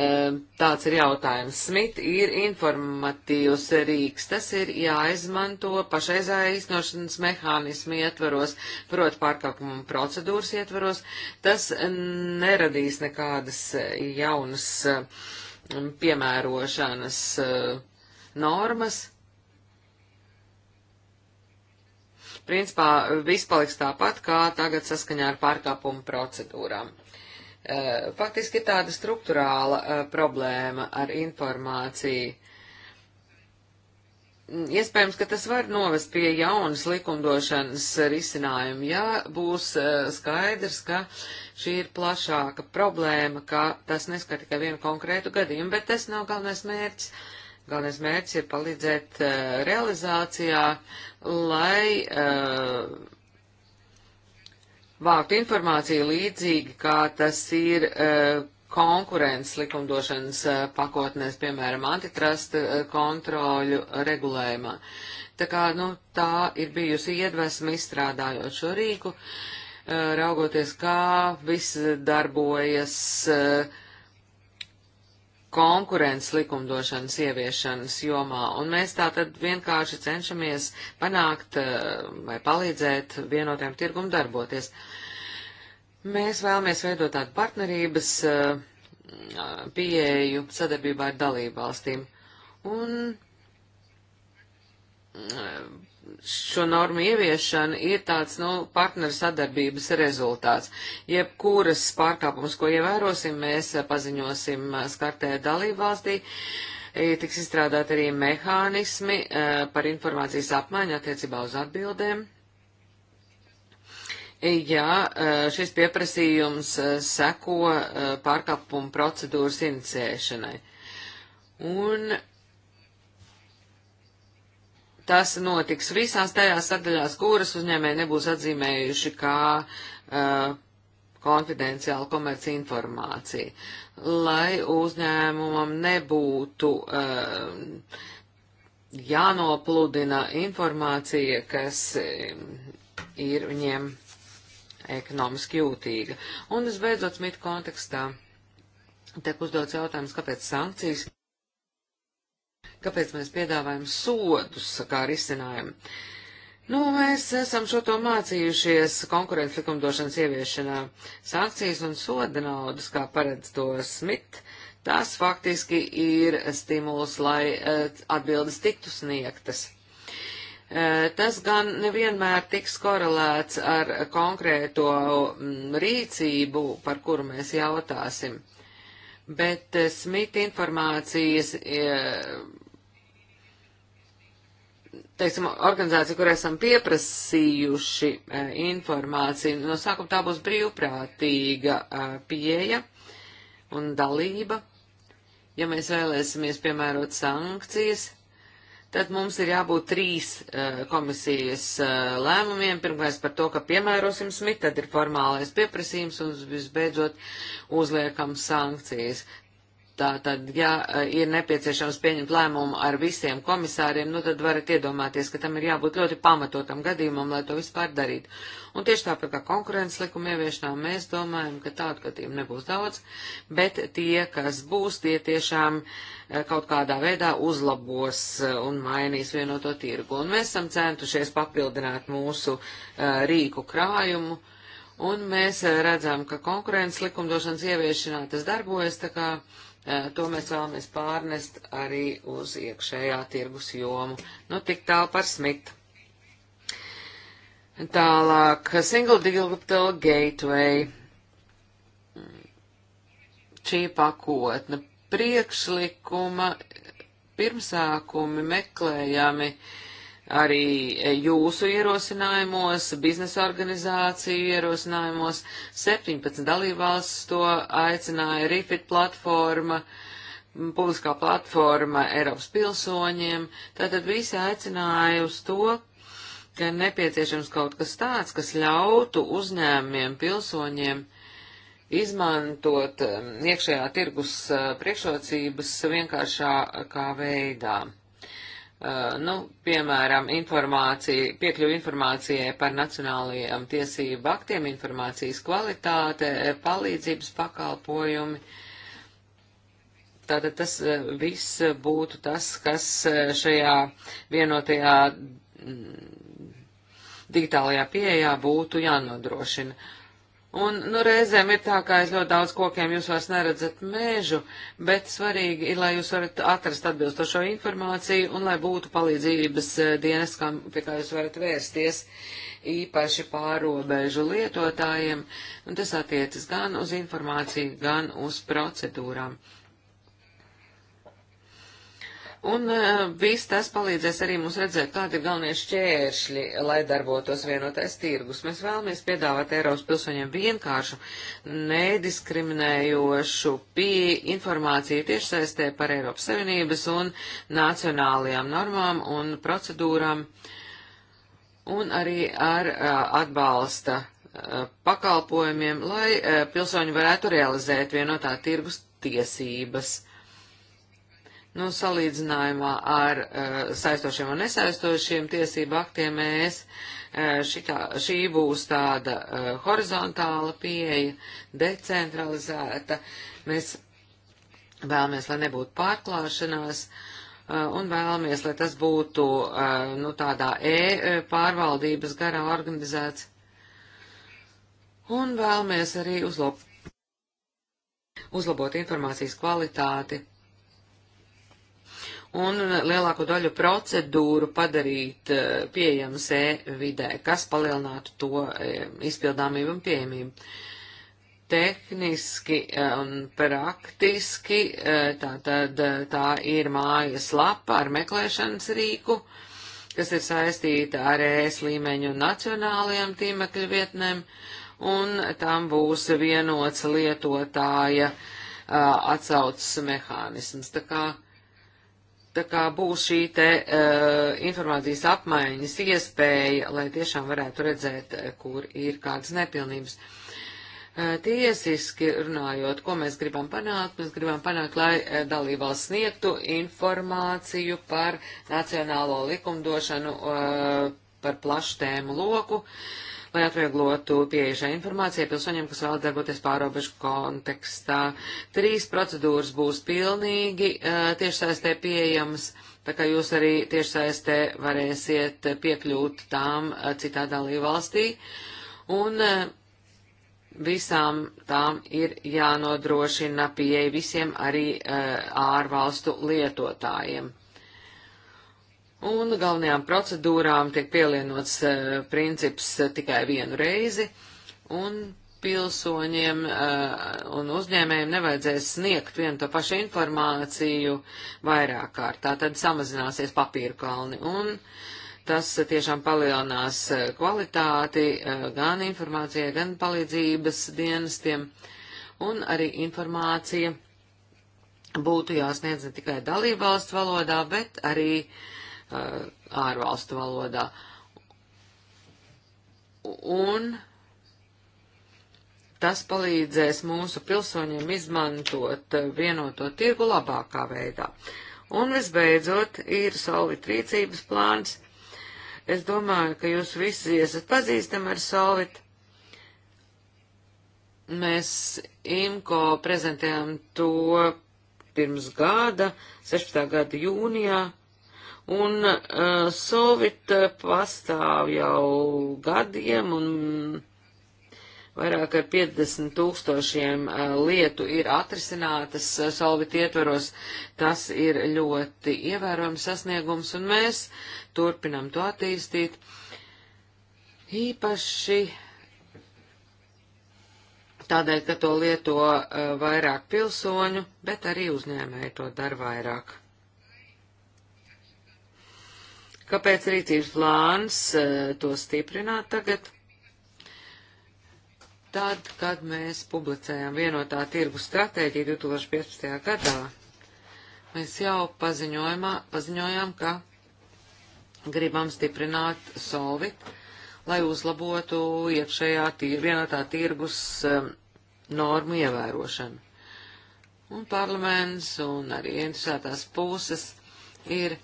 Ehm, tāds ir jautājums. Smit ir informatīvs rīks. Tas ir jāizmanto pašreizā īstenošanas mehānismu ietvaros, proti pārkāpumu procedūras ietvaros. Tas neradīs nekādas eh, jaunas eh, piemērošanas normas Principā eh, viss paliks tāpat, kā tagad saskaņā ar pārkāpumu procedūrām. Eh, faktiski ir tāda struktūrāla eh, problēma ar informāciju. Mm, iespējams, ka tas var novest pie jaunas likumdošanas risinājuma, ja būs skaidrs, ka šī ir plašāka problēma, ka tas neskar tikai vienu konkrētu gadījumu, bet tas nav galvenais mērķis. Uh, Galvenais mērķis ir palīdzēt uh, realizācijā, lai uh, eh, vākt informāciju līdzīgi, kā tas ir uh, konkurences likumdošanas pakotnēs, piemēram, antitrust kontroļu regulējumā. Tā kā, nu, tā ir bijusi iedvesma izstrādājot šo rīku, raugoties, kā viss darbojas uh, konkurences likumdošanas ieviešanas jomā, un mēs tā tad vienkārši cenšamies panākt eh, vai palīdzēt vienotiem tirgum darboties. Mēs vēlamies veidot tādu partnerības eh, pieeju sadarbībā ar dalībvalstīm. Un eh, šo normu ieviešana ir tāds, nu, partneru sadarbības rezultāts. Jebkuras pārkāpumus, ko ievērosim, mēs eh, paziņosim eh, skartē dalību valstī. E, tiks izstrādāt arī mehānismi eh, par informācijas apmaiņu attiecībā uz atbildēm. E, jā, šis pieprasījums seko pārkāpumu procedūras inicēšanai. Un Tas notiks visās tajās sadaļās, kuras uzņēmēji nebūs atzīmējuši kā uh, konfidenciāla komerci informācija, lai uzņēmumam nebūtu uh, jānopludina informācija, kas ir viņiem ekonomiski jūtīga. Un visbeidzot, smita kontekstā tiek uzdots jautājums, kāpēc sankcijas kāpēc mēs piedāvājam sodus kā risinājumu. Nu, mēs esam šo to mācījušies konkurences likumdošanas ieviešanā. Sankcijas un soda naudas, kā paredz to Smit, tas faktiski ir stimuls, lai eh, atbildes tiktu sniegtas. Eh, tas gan nevienmēr tiks korelēts ar konkrēto mm, rīcību, par kuru mēs jautāsim, bet eh, Smita informācijas teiksim, organizācija, kur esam pieprasījuši e, informāciju, no sākuma tā būs brīvprātīga e, pieeja un dalība. Ja mēs vēlēsimies piemērot sankcijas, tad mums ir jābūt trīs e, komisijas e, lēmumiem. Pirmkārt par to, ka piemērosim smit, tad ir formālais pieprasījums un visbeidzot uzliekam sankcijas. Tātad, ja e, ir nepieciešams pieņemt lēmumu ar visiem komisāriem, nu tad varat iedomāties, ka tam ir jābūt ļoti pamatotam gadījumam, lai to vispār darītu. Un tieši tāpat kā konkurences likuma ieviešanā, mēs domājam, ka tādu gadījumu nebūs daudz, bet tie, kas būs, tie tiešām e, kaut kādā veidā uzlabos e, un mainīs vienoto tirgu. Un mēs esam centušies papildināt mūsu rīku krājumu. Un mēs redzam, ka konkurences likumdošanas ieviešanā tas darbojas, tā kā Eh, to mēs vēlamies pārnest arī uz iekšējā tirgus jomu. Nu, tik tālu par Smith. Tālāk, Single Digital Gateway. Šī pakotne priekšlikuma pirmsākumi meklējami uh, arī jūsu ierosinājumos, biznesa organizāciju ierosinājumos. 17 dalībvalsts to aicināja Refit platforma, publiskā platforma Eiropas pilsoņiem. Tātad visi aicināja uz to, ka nepieciešams kaut kas tāds, kas ļautu uzņēmiem, pilsoņiem izmantot um, iekšējā tirgus uh, priekšrocības vienkāršākā uh, veidā. Uh, nu, piemēram, informācija, piekļuvi informācijai par nacionālajiem tiesību aktiem, informācijas kvalitāte, eh, palīdzības pakalpojumi. Tātad tas eh, viss būtu tas, kas šajā vienotajā mm, digitālajā pieejā būtu jānodrošina. Un, nu, reizēm ir tā, ka aiz ļoti daudz kokiem jūs vairs neredzat mēžu, bet svarīgi ir, lai jūs varat atrast atbilstošo informāciju un lai būtu palīdzības eh, dienas, kam, pie kā jūs varat vērsties, īpaši pārobežu lietotājiem, un tas attiecas gan uz informāciju, gan uz procedūrām. Un e, viss tas palīdzēs arī mums redzēt, kādi ir galvenie šķēršļi, lai darbotos vienotais tirgus. Mēs vēlamies piedāvāt Eiropas pilsoņiem vienkāršu, nediskriminējošu pie informāciju tiešsaistē par Eiropas Savienības un nacionālajām normām un procedūrām, un arī ar e, atbalsta e, pakalpojumiem, lai pilsoņi varētu realizēt vienotā tirgus tiesības Nu, salīdzinājumā ar uh, saistošiem un nesaistošiem tiesību aktiem mēs uh, šitā, šī būs tāda uh, horizontāla pieeja, decentralizēta. Mēs vēlamies, lai nebūtu pārklāšanās uh, un vēlamies, lai tas būtu uh, nu, tādā e-pārvaldības garā organizēts. Un vēlamies arī uzlab uzlabot informācijas kvalitāti un lielāko daļu procedūru padarīt eh, pieejamas e-vidē, kas palielinātu to eh, izpildāmību un pieejamību. Tehniski eh, un praktiski tā, tad, tā ir mājas lapa ar meklēšanas rīku, kas ir saistīta ar ES līmeņu un nacionālajiem tīmekļu vietnēm, un tam būs vienots lietotāja atsaucas mehānisms. Tā kā uh, Tā kā būs šī te uh, informācijas apmaiņas iespēja, lai tiešām varētu redzēt, e, kur ir kādas nepilnības. Uh, tiesiski runājot, ko mēs gribam panākt, mēs gribam panākt, lai uh, dalībvalsts sniegtu informāciju par nacionālo likumdošanu uh, par plašu tēmu loku. Uh, lai atvieglotu pieejušai informācijai pilsoņiem, kas vēl darboties pārobežu kontekstā. Trīs procedūras būs pilnīgi tiešsaistē pieejamas, tā kā jūs arī tiešsaistē varēsiet piekļūt tām citā dalībvalstī. Un visām tām ir jānodrošina pieeja visiem arī ārvalstu lietotājiem. Un galvenajām procedūrām tiek pielienots uh, e, princips uh, tikai vienu reizi, un pilsoņiem uh, un uzņēmējiem nevajadzēs sniegt vienu to pašu informāciju vairāk kārtā, tad samazināsies papīru kalni. Un tas tiešām palielinās kvalitāti gan informācijai, gan palīdzības dienestiem, un arī informācija būtu jāsniedz ne tikai dalībvalstu valodā, bet arī uh, Uh, ārvalstu valodā. Un tas palīdzēs mūsu pilsoņiem izmantot vienoto tirgu labākā veidā. Un visbeidzot ir solvit rīcības plāns. Es domāju, ka jūs visi esat pazīstami ar solvit. Mēs IMCO prezentējām to pirms gada, 16. gada jūnijā, Un uh, Solvit uh, pastāv jau gadiem un vairāk ar 50 tūkstošiem uh, lietu ir atrisinātas uh, Solvit ietvaros. Tas ir ļoti ievērojams sasniegums un mēs turpinam to attīstīt. Īpaši tādēļ, ka to lieto uh, vairāk pilsoņu, bet arī uzņēmēji to dara vairāk. Kāpēc rīcības plāns eh, to stiprināt tagad? Tad, kad mēs publicējām vienotā tirgu stratēģiju 2015. gadā, mēs jau paziņojām, ka gribam stiprināt solvit, lai uzlabotu iekšējā tīr, vienotā tirgus um, normu ievērošanu. Un parlaments un arī interesētās puses ir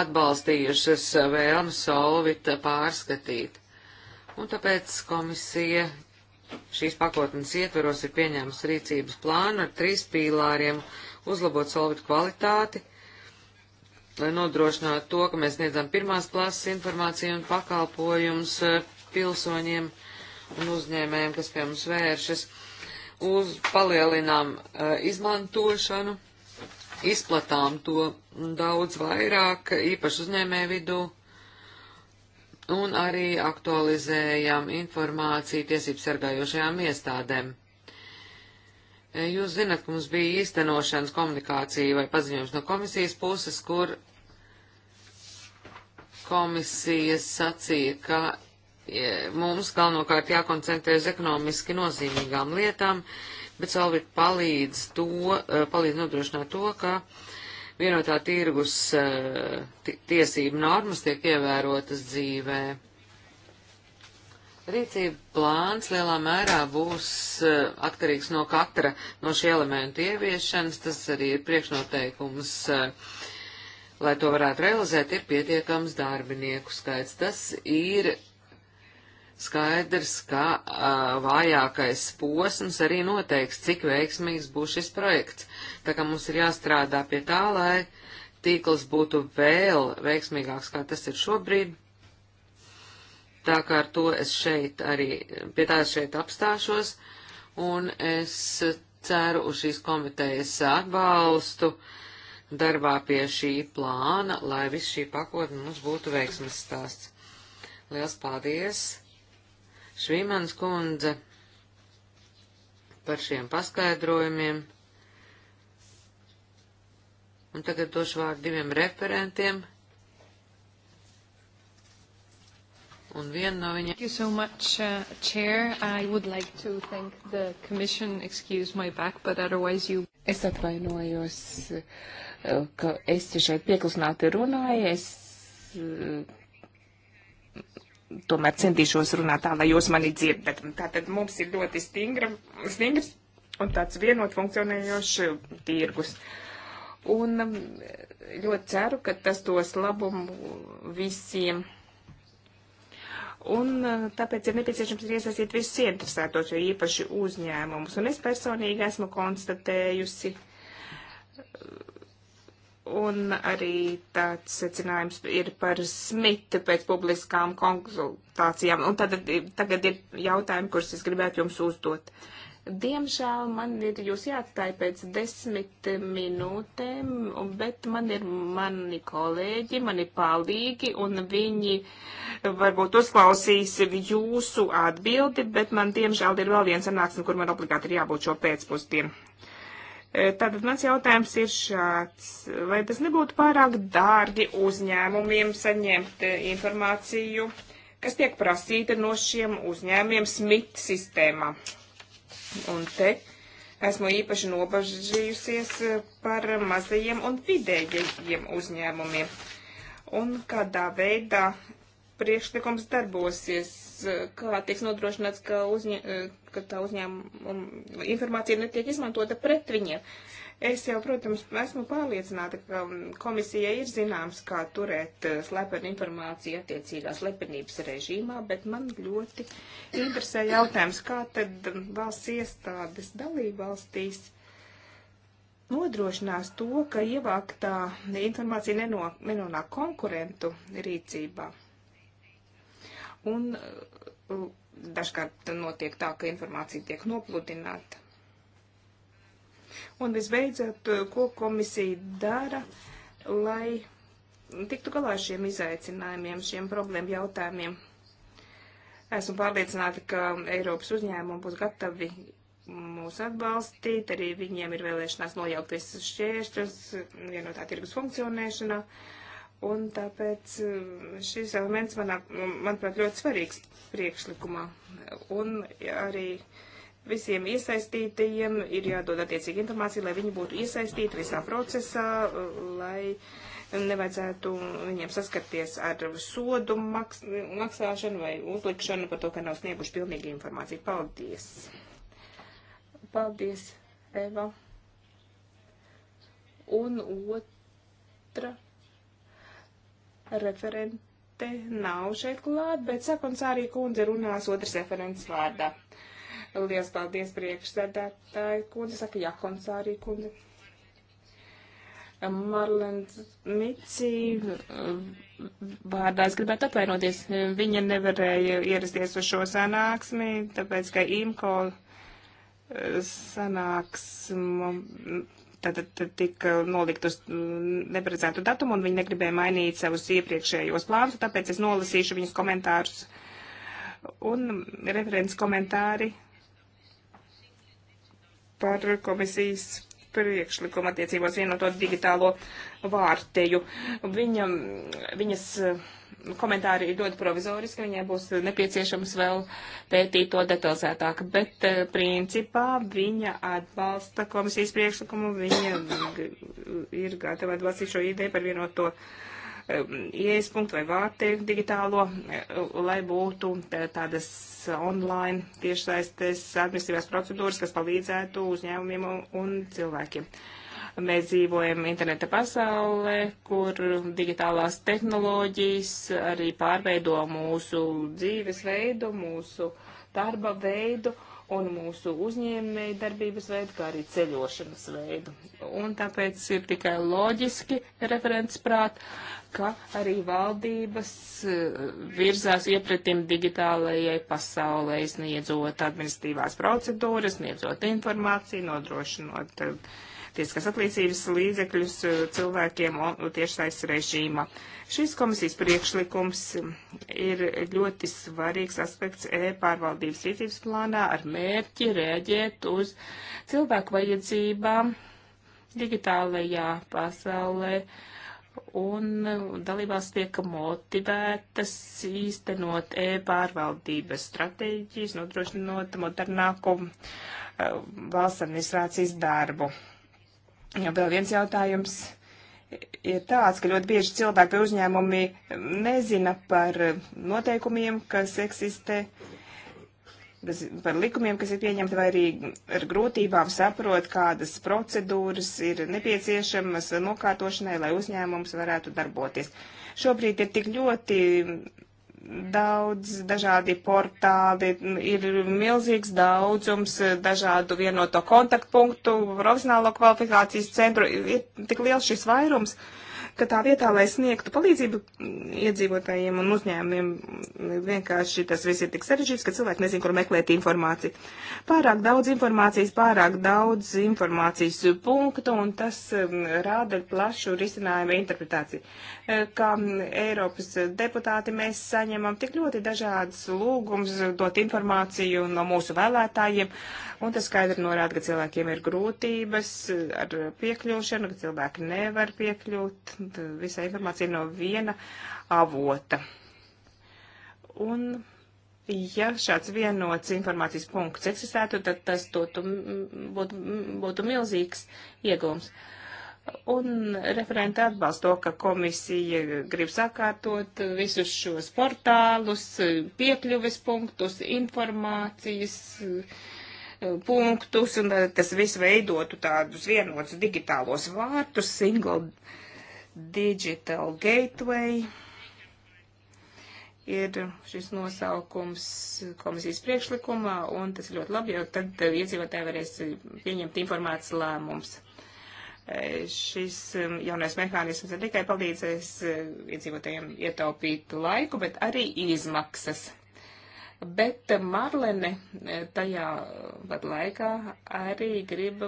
atbalstījušas vēlmi Solvita pārskatīt. Un tāpēc komisija šīs pakotnes ietveros ir pieņēmusi rīcības plānu ar trīs pīlāriem - uzlabot Solvita kvalitāti, lai nodrošinātu to, ka mēs sniedzam pirmās klases informāciju un pakalpojumus eh, pilsoņiem un uzņēmējiem, kas pie mums vēršas, uz palielinām uh, izmantošanu izplatām to daudz vairāk, īpaši uzņēmē vidū, un arī aktualizējam informāciju tiesību sargājošajām iestādēm. Jūs zinat, ka mums bija īstenošanas komunikācija vai paziņojums no komisijas puses, kur komisija sacīja, ka e, mums galvenokārt jākoncentrē uz ekonomiski nozīmīgām lietām, uh, bet Solvit palīdz, to, eh, palīdz nodrošināt to, ka vienotā tirgus eh, tiesību normas tiek ievērotas dzīvē. Rīcība plāns lielā mērā būs eh, atkarīgs no katra no šī elementu ieviešanas. Tas arī ir priekšnoteikums, lai to varētu realizēt, ir pietiekams darbinieku skaits. Tas ir Skaidrs, ka uh, vājākais posms arī noteiks, cik veiksmīgs būs šis projekts. Tā kā mums ir jāstrādā pie tā, lai tīkls būtu vēl veiksmīgāks, kā tas ir šobrīd. Tā kā ar to es šeit arī, pie tā es šeit apstāšos, un es ceru uz šīs komitejas atbalstu darbā pie šī plāna, lai viss šī pakotne mums būtu veiksmes stāsts. Liels paldies! Švīmans kundze par šiem paskaidrojumiem. Un tagad došu vārdu diviem referentiem. Un viena no viņiem. Thank you so much, uh, Chair. I would like to thank the Commission. Excuse my back, but otherwise you. Es atvainojos, uh, ka es šeit pieklusināti runāju. Es uh, tomēr centīšos runāt tā, lai jūs mani dzirdat. Tātad mums ir ļoti stingra, stingrs un tāds vienot funkcionējošs tirgus. Un um, ļoti ceru, ka tas dos labumu visiem. Un uh, tāpēc ir nepieciešams iesaistīt visus ieinteresētos, jo īpaši uzņēmumus. Un es personīgi esmu konstatējusi Un arī tāds secinājums ir par smita pēc publiskām konsultācijām. Un tad tagad ir jautājumi, kurus es gribētu jums uzdot. Diemžēl man ir jūs jāatstāj pēc desmit minūtēm, bet man ir mani kolēģi, mani palīgi, un viņi varbūt uzklausīs jūsu atbildi, bet man diemžēl ir vēl viens sanāksme, kur man obligāti ir jābūt šo pēcpusdienu. E, tātad mans jautājums ir šāds. Vai tas nebūtu pārāk dārgi uzņēmumiem saņemt e, informāciju, kas tiek prasīta no šiem uzņēmumiem SMIT sistēmā? Un te esmu īpaši nobažījusies e, par mazajiem un vidējiem uzņēmumiem. Un kādā veidā priekšlikums darbosies? kā tiks nodrošināts, ka, uzņē, ka tā uzņēmuma informācija netiek izmantota pret viņiem. Es jau, protams, esmu pārliecināta, ka komisija ir zināms, kā turēt eh, slepenu informāciju attiecīgā slepenības režīmā, bet man ļoti interesē jautājums, kā tad valsts iestādes dalībvalstīs nodrošinās to, ka ievāktā informācija nenonāk konkurentu rīcībā. Un dažkārt notiek tā, ka informācija tiek nopludināta. Un visbeidzot, ko komisija dara, lai tiktu galā ar šiem izaicinājumiem, šiem problēmu jautājumiem. Esmu pārliecināta, ka Eiropas uzņēmumi būs gatavi mūs atbalstīt, arī viņiem ir vēlēšanās nojaukt visas šķēršļus vienotā tirgus funkcionēšanā. Uh, Un tāpēc eh, šis elements, manā, manuprāt, ļoti svarīgs priekšlikumā. Un arī visiem iesaistītajiem ir jādod attiecīga informācija, lai viņi būtu iesaistīti visā procesā, eh, lai nevajadzētu viņiem saskarties ar sodu maks maksāšanu vai uzlikšanu par to, ka nav snieguši pilnīgi informāciju. Paldies! Paldies, Eva! Un otra Referente nav šeit klāt, bet Sakonsārī kundze runās otrs referents vārdā. Lielas paldies priekšsēdētāji kundze, saka Jakonsārī kundze. Marlens Mici vārdā es gribētu atvainoties. Viņa nevarēja ierasties uz šo sanāksmi, tāpēc, ka IMCO sanāksmu tad, tad tika nolikt uz mm, neparedzētu datumu, un viņi negribēja mainīt savus iepriekšējos plānus, tāpēc es nolasīšu viņas komentārus. Un referents komentāri par komisijas priekšlikumu attiecībos vienoto digitālo vārteju. Viņa, mm, viņas. Uh, komentāri ir ļoti provizoriski, viņai būs nepieciešams vēl pētīt to detalizētāk, bet eh, principā viņa atbalsta komisijas priekšlikumu, viņa ir gatava atbalstīt šo ideju par vienoto eh, ieejas punktu vai vārti digitālo, eh, lai būtu tādas online tiešsaistes administratīvās procedūras, kas palīdzētu uzņēmumiem un cilvēkiem. Uh, Mēs dzīvojam interneta pasaulē, kur digitālās tehnoloģijas arī pārveido mūsu dzīvesveidu, mūsu darba veidu un mūsu uzņēmēju darbības veidu, kā arī ceļošanas veidu. Un tāpēc ir tikai loģiski referents prāt, ka arī valdības eh, virzās iepretim digitālajai pasaulē, sniedzot administratīvās procedūras, sniedzot informāciju, nodrošinot uh, tiesiskās apliecības līdzekļus eh, cilvēkiem tiešsais režīma. Šīs komisijas priekšlikums ir ļoti svarīgs aspekts e-pārvaldības rīcības plānā ar mērķi rēģēt uz cilvēku vajadzībām digitālajā pasaulē un dalībās tiek motivētas īstenot e-pārvaldības stratēģijas, nodrošinot modernāku eh, valsts administrācijas darbu. Vēl viens jautājums ir tāds, ka ļoti bieži cilvēki vai uzņēmumi nezina par noteikumiem, kas eksistē, par likumiem, kas ir pieņemti, vai arī ar grūtībām saprot, kādas procedūras ir nepieciešamas nokārtošanai, lai uzņēmums varētu darboties. Šobrīd ir tik ļoti daudz dažādi portāli, ir milzīgs daudzums dažādu vienoto kontaktpunktu, profesionālo kvalifikācijas centru, ir tik liels šis vairums. Uh, ka tā vietā, lai sniegtu palīdzību iedzīvotājiem un uzņēmumiem, vienkārši tas viss ir tik sarežģīts, ka cilvēki nezin, kur meklēt informāciju. Pārāk daudz informācijas, pārāk daudz informācijas punktu, un tas um, rāda plašu risinājumu interpretāciju. Uh, kā um, Eiropas deputāti mēs saņemam tik ļoti dažādas lūgums dot informāciju no mūsu vēlētājiem, un tas skaidri norāda, ka cilvēkiem ir grūtības ar piekļūšanu, ka cilvēki nevar piekļūt visā informācija no viena avota. Un, ja šāds vienots informācijas punkts eksistētu, tad tas dotu, būtu, būtu milzīgs iegums. Un referenta atbalsta to, ka komisija grib sakārtot visus šos portālus, piekļuves punktus, informācijas eh, punktus, un tas viss veidotu tādus vienotus digitālos vārtus, single Digital Gateway ir šis nosaukums komisijas priekšlikumā, un tas ir ļoti labi, jo tad iedzīvotāji varēs pieņemt informētas lēmums. E, šis um, jaunais mehānisms ne tikai palīdzēs e, iedzīvotājiem ietaupīt laiku, bet arī izmaksas. Bet Marlene e, tajā pat laikā arī grib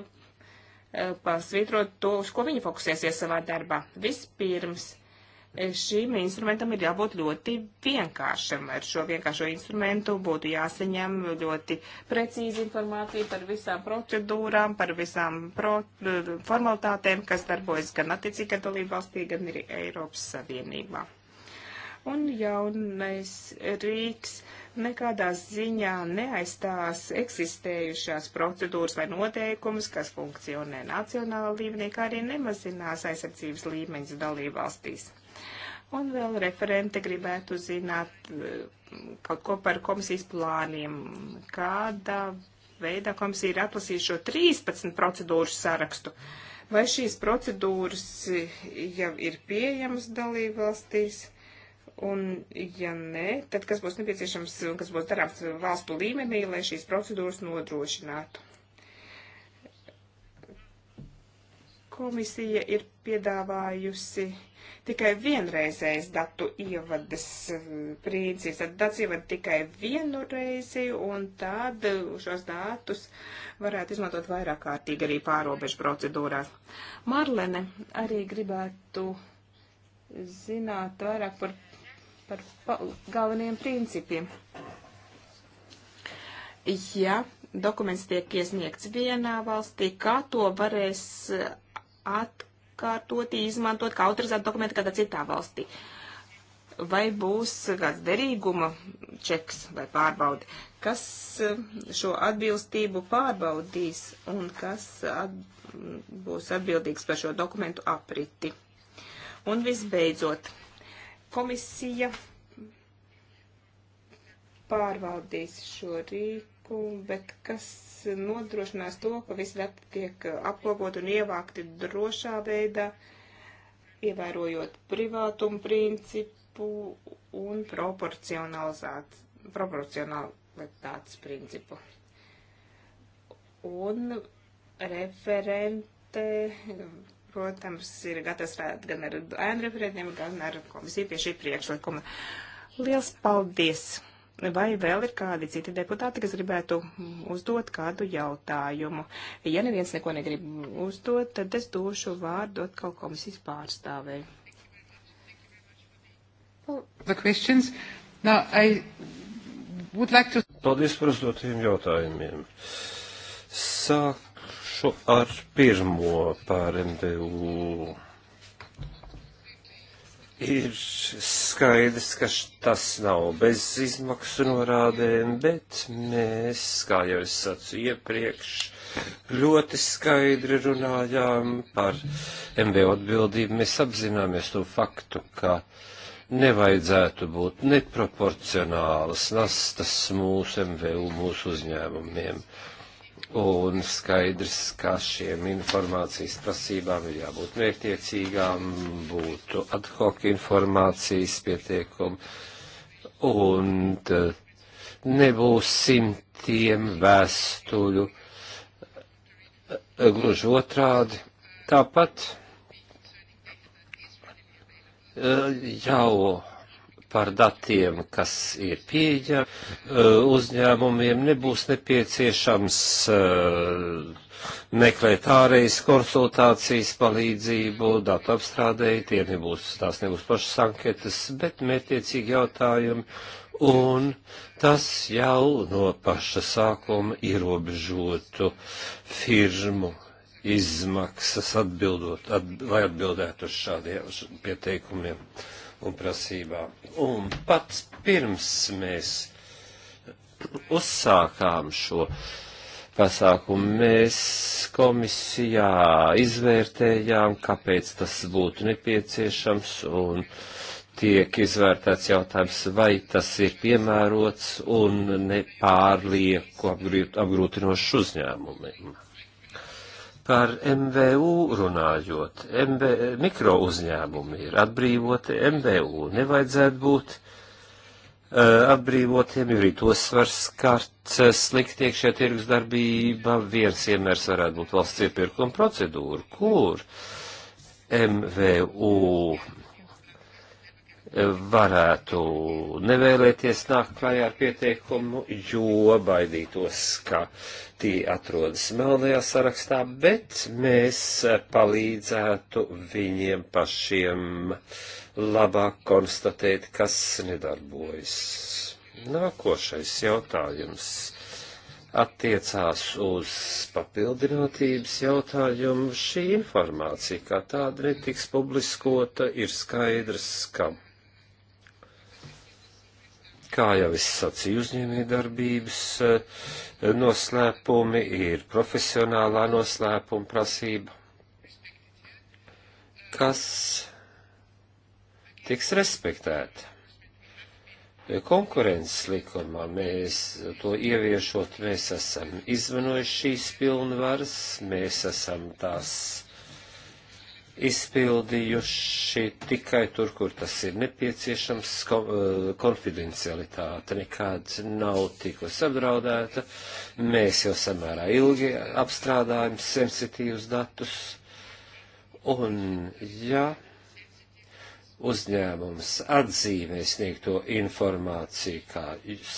pasvītrot to, uz ko viņi fokusēsies savā darbā. Vispirms eh, šīm instrumentam ir jābūt ļoti vienkāršam. Ar šo vienkāršo instrumentu būtu jāsaņem ļoti precīzi informācija par visām procedūrām, par visām pro eh, formalitātēm, kas darbojas gan attiecīgā dalība valstī, gan arī Eiropas Savienībā. Un jaunais rīks nekādā ziņā neaizstās eksistējušās procedūras vai noteikumus, kas funkcionē nacionāla līmenī, kā arī nemazinās aizsardzības līmeņus dalību valstīs. Un vēl referente gribētu zināt eh, kaut ko par komisijas plāniem. Kādā veidā komisija ir atlasījusi šo 13 procedūru sarakstu? Vai šīs procedūras jau ir pieejamas dalību valstīs? Un, ja nē, tad kas būs nepieciešams un kas būs darāms valstu līmenī, lai šīs procedūras nodrošinātu? Komisija ir piedāvājusi tikai vienreizējs datu ievades eh, princips. Tad dats ievad tikai vienu reizi, un tad šos datus varētu izmantot vairāk kārtīgi arī pārobežu procedūrās. Marlene arī gribētu zināt vairāk par par galveniem principiem. Ja dokuments tiek iesniegts vienā valstī, kā to varēs atkārtot, izmantot kā autorizētu dokumentu kādā citā valstī? Vai būs kāds derīguma čeks vai pārbaudi, kas eh, šo atbilstību pārbaudīs un kas at, būs atbildīgs par šo dokumentu apriti? Un visbeidzot, Komisija pārvaldīs šo rīku, bet kas nodrošinās to, ka visi dati tiek apkopot un ievākti drošā veidā, ievērojot privātumu principu un proporcionalitātes principu. Un referente protams, ir gatavs strādāt gan ar ēnu referentiem, gan ar komisiju pie šī priekšlikuma. Liels paldies! Vai vēl ir kādi citi deputāti, kas gribētu uzdot kādu jautājumu? Ja neviens neko negrib uzdot, tad es došu vārdu atkal komisijas pārstāvēju. Now, like to... Paldies par uzdotiem jautājumiem. Sāk Sākšu ar pirmo par MBU. Ir skaidrs, ka tas nav bez izmaksu norādēm, bet mēs, kā jau es sacu iepriekš, ļoti skaidri runājām par MBU atbildību. Mēs apzināmies to faktu, ka nevajadzētu būt neproporcionālas nastas mūsu MVU, mūsu uzņēmumiem. Un skaidrs, ka šiem informācijas prasībām ir jābūt mērķtiecīgām, būtu ad hoc informācijas pietiekumi, un nebūs simtiem vēstuļu, e, gluži otrādi. Tāpat e, jau par datiem, kas ir pieejami eh, uzņēmumiem, nebūs nepieciešams eh, meklēt ārējas konsultācijas palīdzību, datu apstrādēji, tie nebūs, tās nebūs pašas anketas, bet mērķiecīgi jautājumi, un tas jau no paša sākuma ierobežotu firmu izmaksas atbildot, at, lai atbildētu uz šādiem pieteikumiem. Uh, un prasībām. Un pat pirms mēs uzsākām šo pasākumu, mēs komisijā izvērtējām, kāpēc tas būtu nepieciešams un tiek izvērtēts jautājums, vai tas ir piemērots un nepārlieku apgrūtinošu uzņēmumiem. Par MVU runājot, MB, mikro uzņēmumi ir atbrīvoti MVU, nevajadzētu būt uh, atbrīvotiem, jo arī tos var skart eh, slikti iekšē tirgus darbība. Viens iemērs varētu būt valsts iepirkuma procedūra, kur MVU eh, varētu nevēlēties nākt klājā ar pieteikumu, jo baidītos, ka Tie atrodas melnajā sarakstā, bet mēs palīdzētu viņiem pašiem labāk konstatēt, kas nedarbojas. Nākošais jautājums attiecās uz papildinātības jautājumu. Šī informācija kā tāda netiks publiskota, ir skaidrs, ka Kā jau es sacīju, uzņēmējdarbības eh, noslēpumi ir profesionālā noslēpuma prasība, kas tiks respektēta. Konkurences likumā mēs to ieviešot, mēs esam izvanojuši šīs pilnvaras, mēs esam tās izpildījuši tikai tur, kur tas ir nepieciešams, eh, konfidencialitāte nekad nav tikus apdraudēta. Mēs jau samērā ilgi apstrādājam sensitīvus datus, un ja uzņēmums atzīmē sniegto informāciju kā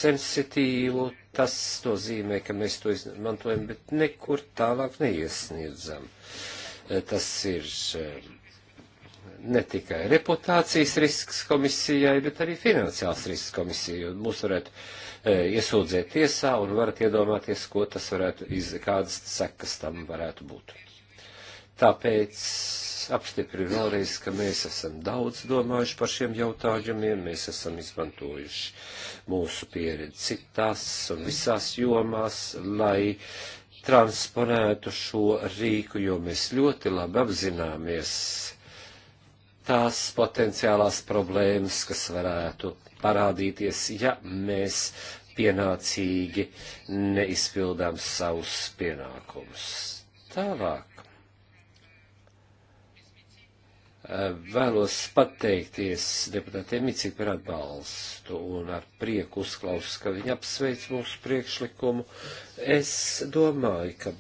sensitīvu, tas nozīmē, ka mēs to izmantojam, bet nekur tālāk neiesniedzam. Uh, Eh, tas ir eh, ne tikai reputācijas risks komisijai, bet arī finansiāls risks komisijai. Mūs varētu eh, iesūdzēt tiesā un varat iedomāties, ko tas varētu, iz, kādas sekas tam varētu būt. Tāpēc apstiprinu vēlreiz, ka mēs esam daudz domājuši par šiem jautājumiem, mēs esam izmantojuši mūsu pieredzi citās un visās jomās, lai transponētu šo rīku, jo mēs ļoti labi apzināmies tās potenciālās problēmas, kas varētu parādīties, ja mēs pienācīgi neizpildām savus pienākumus. Tālāk Vēlos pateikties deputātiem Micik par atbalstu un ar prieku uzklausus, ka viņi apsveic mūsu priekšlikumu. Es domāju, ka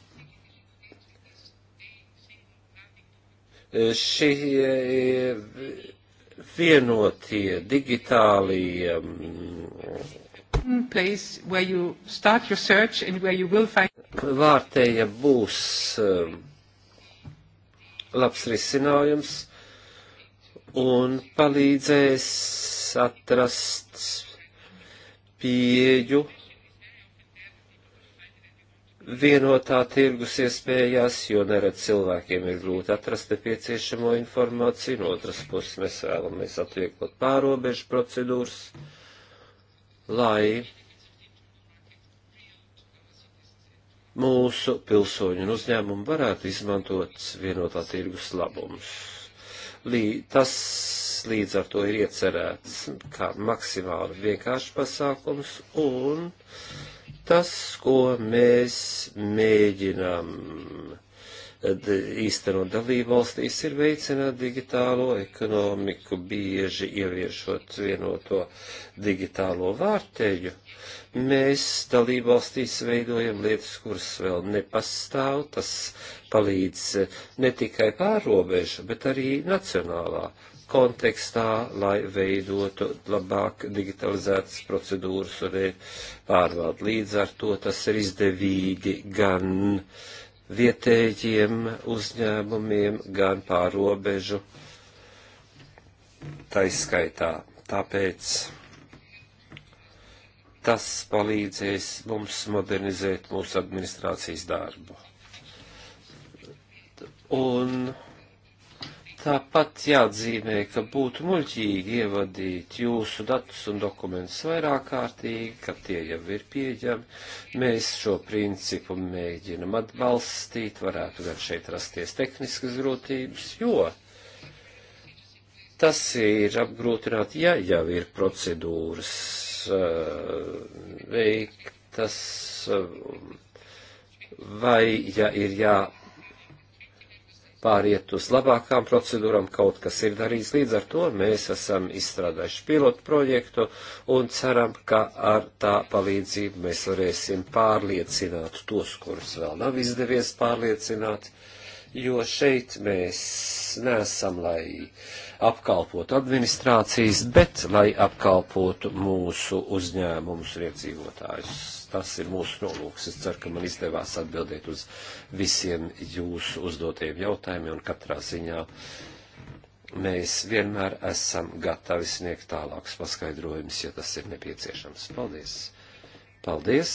šī vienotie digitālie mm, mm, place where you start your search and where you will find vārtēja būs mm, labs risinājums un palīdzēs atrast pieju vienotā tirgus iespējās, jo neredz cilvēkiem ir grūti atrast nepieciešamo informāciju. No otras puses mēs vēlamies atvieglot pārobežu procedūras, lai mūsu pilsoņu un uzņēmumu varētu izmantot vienotā tirgus labumus. Tas līdz ar to ir iecerēts kā maksimāli vienkāršs pasākums, un tas, ko mēs mēģinām īstenot dalībvalstīs, ir veicināt digitālo ekonomiku, bieži ieviešot vienoto digitālo vārteļu. Mēs dalībvalstīs veidojam lietas, kuras vēl nepastāv, tas jāpalīdz eh, ne tikai pārobežu, bet arī nacionālā kontekstā, lai veidotu labāk digitalizētas procedūras un eh, pārvaldu. Līdz ar to tas ir izdevīgi gan vietējiem uzņēmumiem, gan pārobežu taiskaitā. Tāpēc tas palīdzēs mums modernizēt mūsu administrācijas darbu. Un tāpat jāatzīmē, ka būtu muļķīgi ievadīt jūsu datus un dokumentus vairāk kārtīgi, ka tie jau ir pieejami. Mēs šo principu mēģinam atbalstīt, varētu gan šeit rasties tehniskas grūtības, jo tas ir apgrūtināt, ja jau ir procedūras uh, veiktas, uh, vai ja ir jā. Ja pāriet uz labākām procedūram, kaut kas ir darīts. Līdz ar to mēs esam izstrādājuši pilotu projektu un ceram, ka ar tā palīdzību mēs varēsim pārliecināt tos, kurus vēl nav izdevies pārliecināt, jo šeit mēs nesam, lai apkalpotu administrācijas, bet lai apkalpotu mūsu uzņēmumus un iedzīvotājus tas ir mūsu nolūks. Es ceru, ka man izdevās atbildēt uz visiem jūsu uzdotajiem jautājumiem un katrā ziņā mēs vienmēr esam gatavi sniegt tālākus paskaidrojumus, ja tas ir nepieciešams. Paldies! Paldies!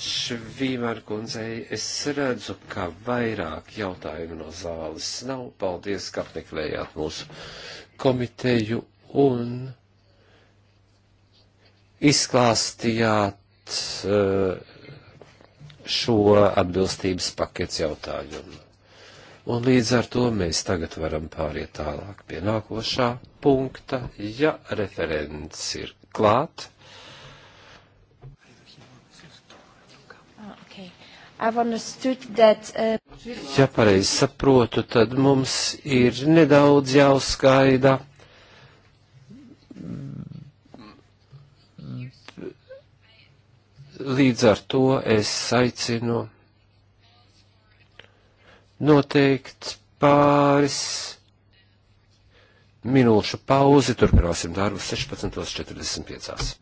Švīmēr kundzei, es redzu, ka vairāk jautājumu no zāles nav. Paldies, ka apmeklējāt mūsu komiteju un izklāstījāt eh, šo atbilstības paketes jautājumu. Un līdz ar to mēs tagad varam pāriet tālāk pie nākošā punkta, ja referents ir klāt. Ah, that, uh... Ja pareizi saprotu, tad mums ir nedaudz jāuzskaida Līdz ar to es aicinu noteikt pāris minūšu pauzi, turpināsim darbu 16.45.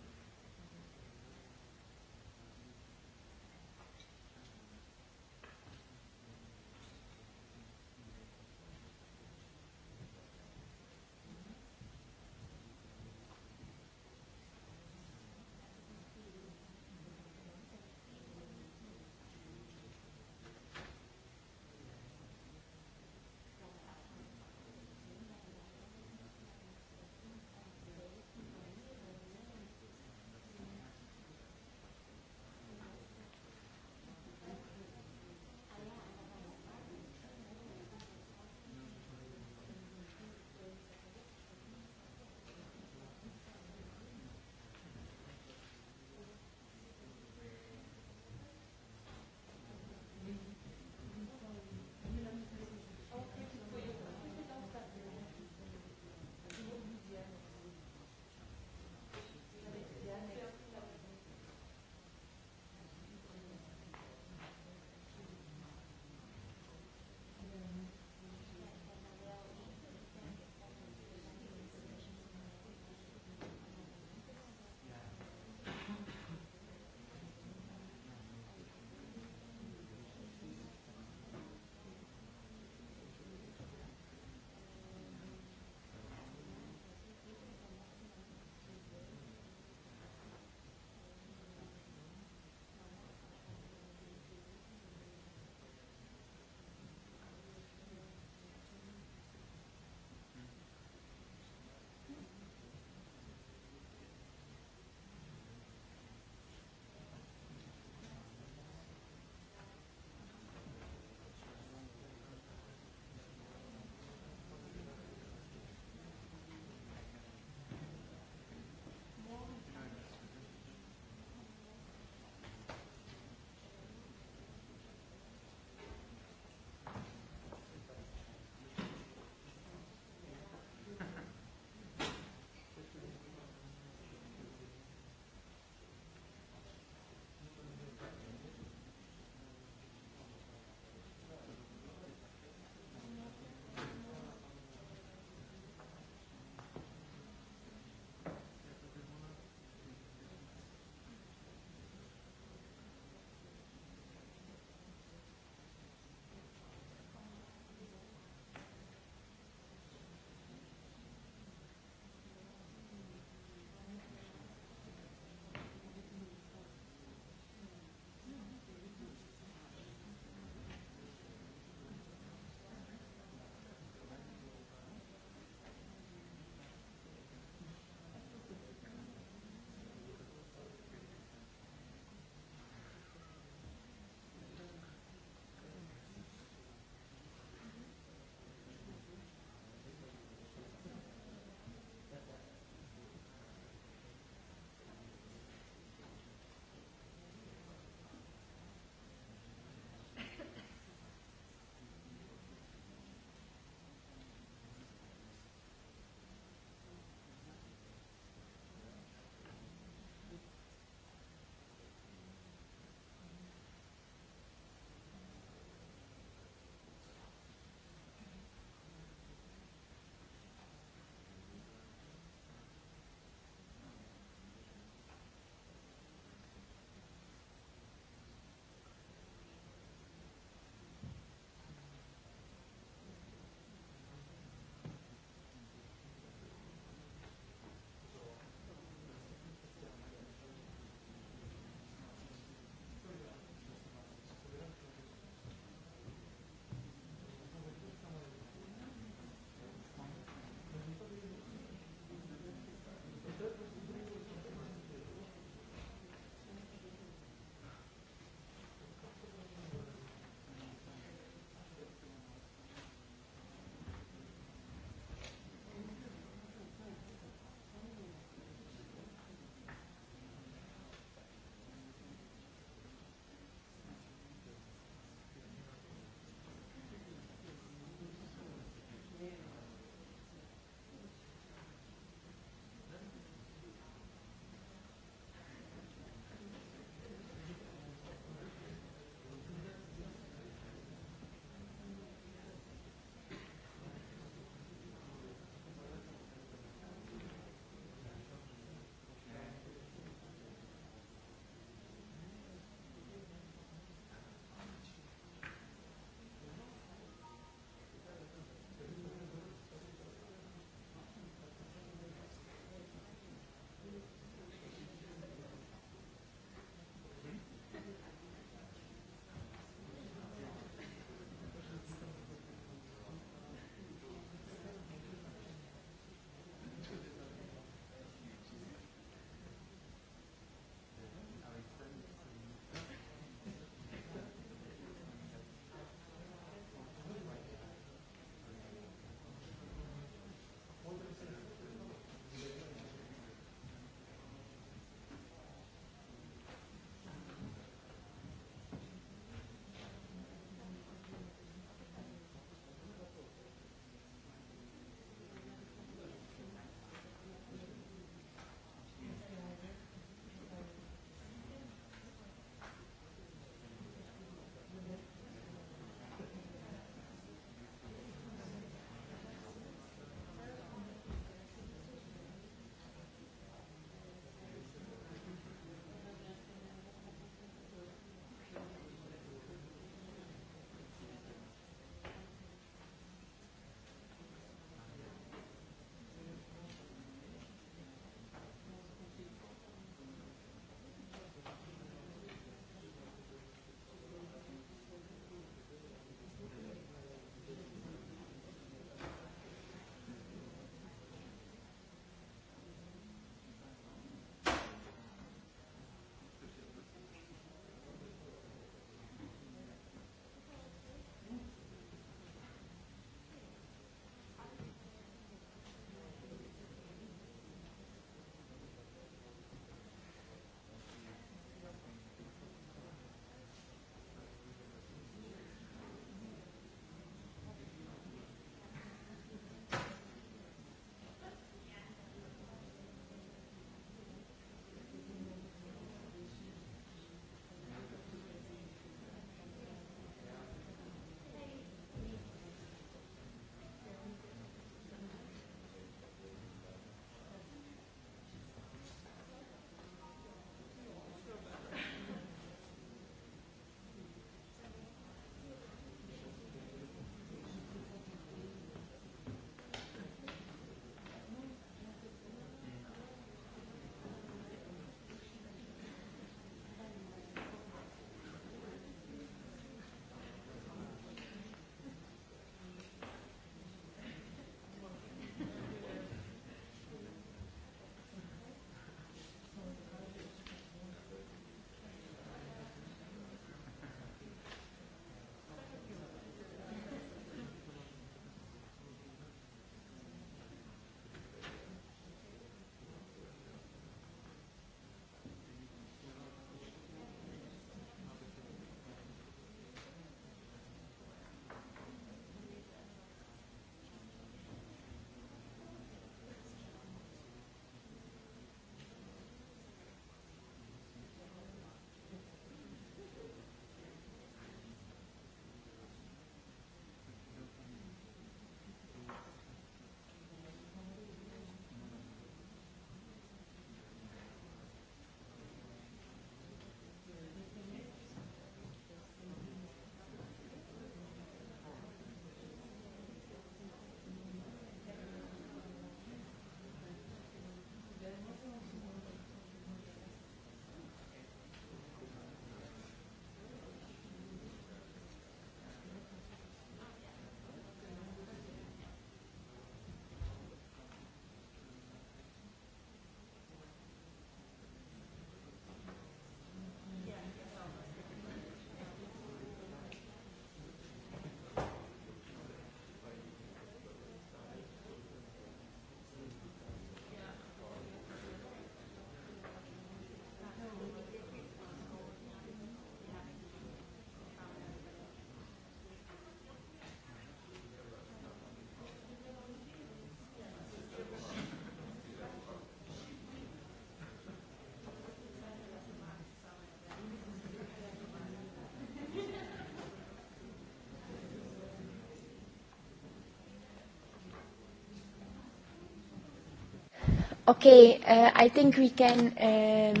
Okay, uh, I think we can um,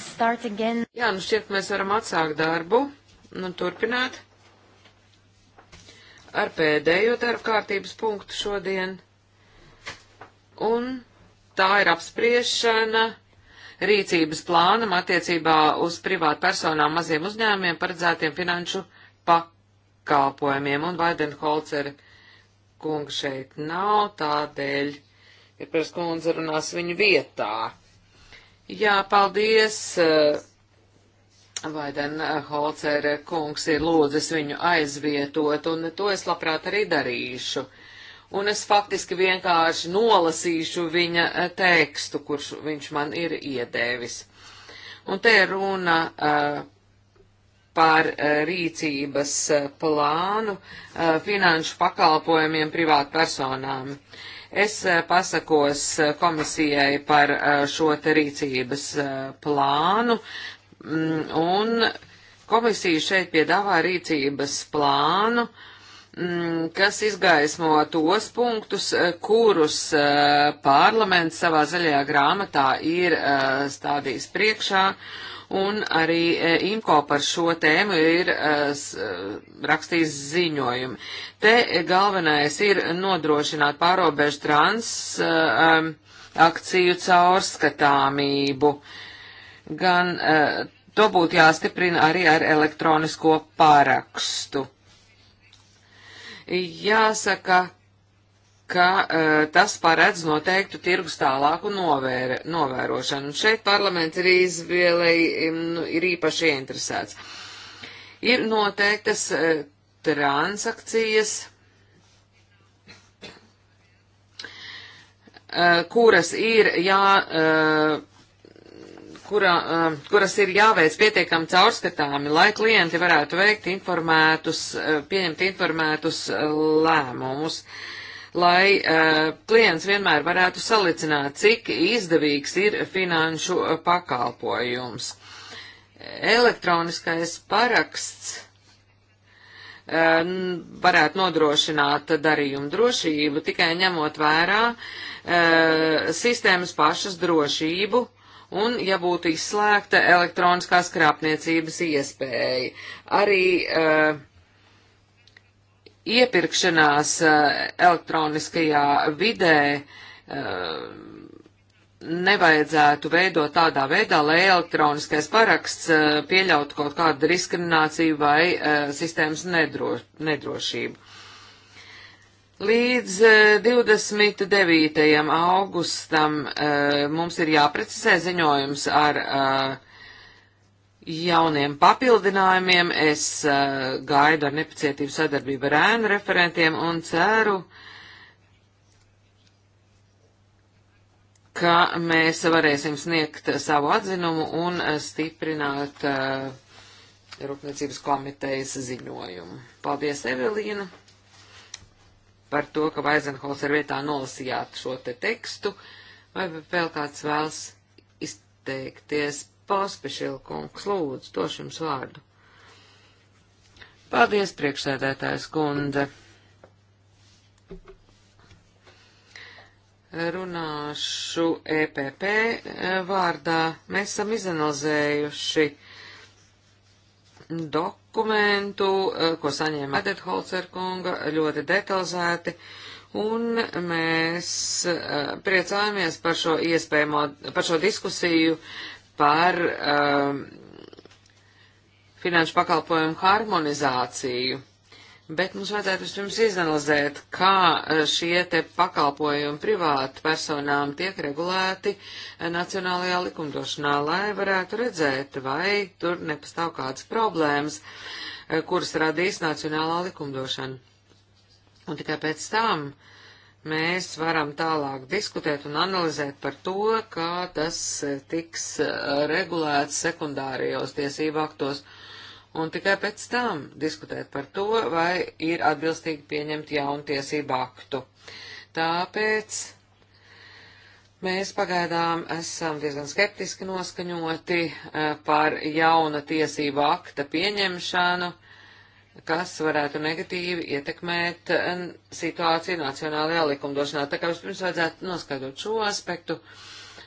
start again. Jā, nu šķiet, mēs varam atsākt darbu, nu turpināt ar pēdējo darba kārtības punktu šodien. Un tā ir apspriešana rīcības plānam attiecībā uz privātpersonām maziem uzņēmumiem paredzētiem finanšu pakalpojumiem. Un Vaidenholcer kungs šeit nav, tādēļ ja pēc kundze runās viņu vietā. Jā, paldies. Eh, Vaiden eh, Holcer kungs ir lūdzis viņu aizvietot, un to es labprāt arī darīšu. Un es faktiski vienkārši nolasīšu viņa eh, tekstu, kurš viņš man ir iedēvis. Un te ir runa uh, par uh, rīcības uh, plānu finanšu pakalpojumiem privātpersonām. personām. Es eh, pasakos eh, komisijai par eh, šo te rīcības plānu, mm, un komisija šeit piedāvā rīcības plānu, mm, kas izgaismo tos punktus, kurus parlaments savā zaļajā grāmatā ir stādījis priekšā un arī e, IMCO par šo tēmu ir e, e, rakstījis ziņojumi. Te galvenais ir nodrošināt pārobežu trans akciju caurskatāmību. Gan to būtu jāstiprina arī ar elektronisko parakstu. Jāsaka, ka uh, tas paredz noteiktu tirgus tālāku novēre, novērošanu. Un šeit parlaments ir izvēlēji, mm, nu, ir īpaši ieinteresēts. Ir noteiktas uh, transakcijas, uh, kuras ir jā. Uh, kurā, uh, kuras ir jāveic pietiekami caurskatāmi, lai klienti varētu veikt informētus, uh, pieņemt informētus uh, lēmumus. Uh, lai uh, klients vienmēr varētu salicināt, cik izdevīgs ir finanšu eh, pakalpojums. Elektroniskais paraksts uh, varētu nodrošināt darījumu drošību tikai ņemot vērā uh, sistēmas pašas drošību un, ja būtu izslēgta elektroniskās krāpniecības iespēja. Arī uh, iepirkšanās eh, elektroniskajā vidē eh, nevajadzētu veidot tādā veidā, lai elektroniskais paraksts eh, pieļautu kaut kādu diskrimināciju vai sistēmas nedro, nedrošību. Līdz 29. augustam mums ir jāprecizē ziņojums ar uh, jauniem papildinājumiem. Es uh, gaidu ar nepacietību sadarbību ar ēnu referentiem un ceru, ka mēs varēsim sniegt savu atzinumu un eh, stiprināt uh, Rūpniecības komitejas ziņojumu. Paldies, Evelīna, par to, ka Vaizenholzer vietā nolasījāt šo te tekstu. Vai vēl kāds vēlas izteikties Pospišilkungs, lūdzu, došu jums vārdu. Paldies, priekšsēdētājs kundze. Runāšu EPP e, vārdā. Mēs esam izanalizējuši dokumentu, e, ko saņēma Edetholzer kunga ļoti detalizēti un mēs e, priecājamies par šo iespējamo, par šo diskusiju par um, finanšu pakalpojumu harmonizāciju, bet mums vajadzētu vispirms izanalizēt, kā uh, šie te pakalpojumi privātu personām tiek regulēti uh, nacionālajā likumdošanā, lai varētu redzēt, vai tur nepastāv kādas problēmas, uh, kuras radīs nacionālā likumdošana. Un tikai pēc tam uh, mēs varam tālāk diskutēt un analizēt par to, kā tas e, tiks e, regulēts sekundārajos tiesību aktos, un tikai pēc tam diskutēt par to, vai ir atbilstīgi pieņemt jaunu tiesību aktu. Tāpēc mēs pagaidām esam diezgan skeptiski noskaņoti e, par jauna tiesību akta pieņemšanu kas varētu negatīvi ietekmēt eh, situāciju nacionālajā likumdošanā. Tā kā vispirms vajadzētu noskaidrot šo aspektu,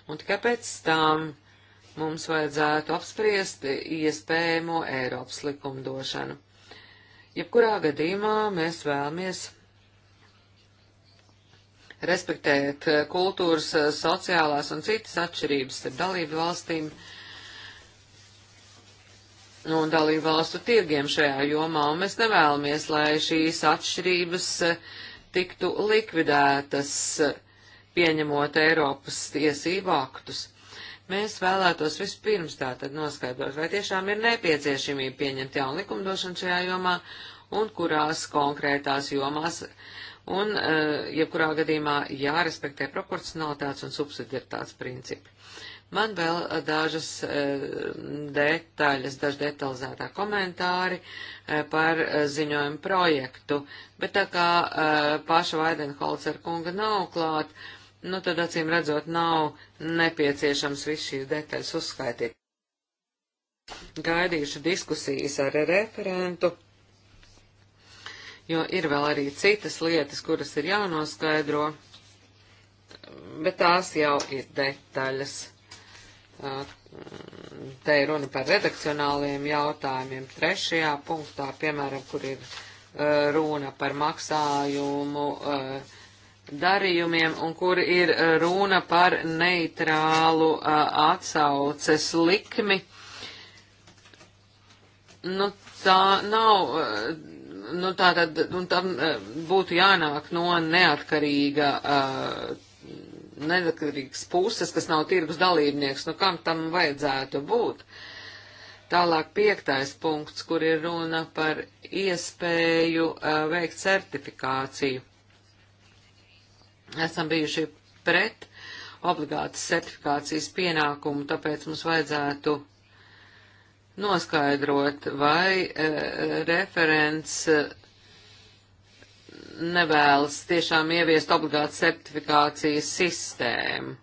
un tikai pēc tam mums vajadzētu apspriest iespējamo Eiropas likumdošanu. Jebkurā gadījumā mēs vēlamies respektēt kultūras, eh, sociālās un citas atšķirības starp dalību valstīm. Uh, nu, un dalību valstu tirgiem šajā jomā, un mēs nevēlamies, lai šīs atšķirības eh, tiktu likvidētas, eh, pieņemot Eiropas tiesību aktus. Mēs vēlētos vispirms tātad noskaidrot, vai tiešām ir nepieciešamība pieņemt jaunu likumdošanu šajā jomā un kurās konkrētās jomās, un, eh, jebkurā gadījumā, jārespektē proporcionalitātes un subsidiaritātes principi. Man vēl eh, dažas eh, detaļas, daži detalizētā komentāri eh, par ziņojumu projektu, bet tā kā paša Vaidenholzer kunga nav klāt, nu tad acīm redzot nav nepieciešams viss šīs detaļas uzskaitīt. Gaidīšu diskusijas ar referentu jo ir vēl arī citas lietas, kuras ir jānoskaidro, bet tās jau ir detaļas. Mm, te ir runa par redakcionāliem jautājumiem. Trešajā punktā, piemēram, kur ir e, runa par maksājumu e, darījumiem un kur ir e, runa par neitrālu atsauces likmi. Nu, tā nav nu, tā tad, un nu, tam būtu jānāk no neatkarīga uh, neatkarīgas puses, kas nav tirgus dalībnieks, nu kam tam vajadzētu būt? Tālāk piektais punkts, kur ir runa par iespēju uh, veikt certifikāciju. Esam bijuši pret obligātas certifikācijas pienākumu, tāpēc mums vajadzētu noskaidrot, vai uh, referents uh, nevēlas tiešām ieviest obligātu certifikācijas sistēmu.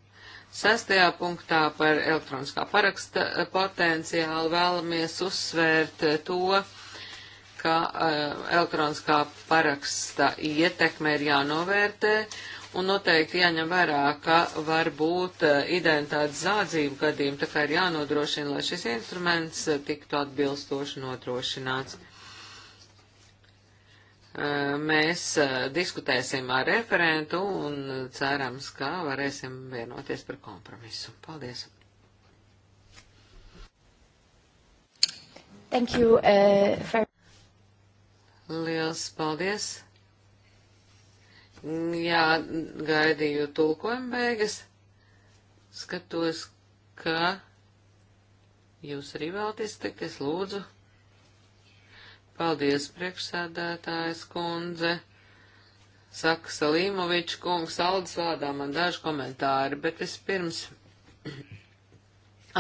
Sestajā punktā par elektroniskā paraksta potenciālu vēlamies uzsvērt to, ka uh, elektroniskā paraksta ietekme ir jānovērtē un noteikti jāņem vērā, ka var būt uh, identitātes zādzību gadījumi, tā kā ir jānodrošina, lai šis instruments uh, tiktu atbilstoši nodrošināts. Mēs diskutēsim ar referentu un cerams, ka varēsim vienoties par kompromisu. Paldies! Thank you, uh, for... Liels paldies! Jā, gaidīju tulkojumu beigas. Skatos, ka jūs arī vēlaties tikt, es lūdzu. Paldies, priekšsēdētājs kundze. Saka Salīmovičs kungs, Aldis vārdā man daži komentāri, bet es pirms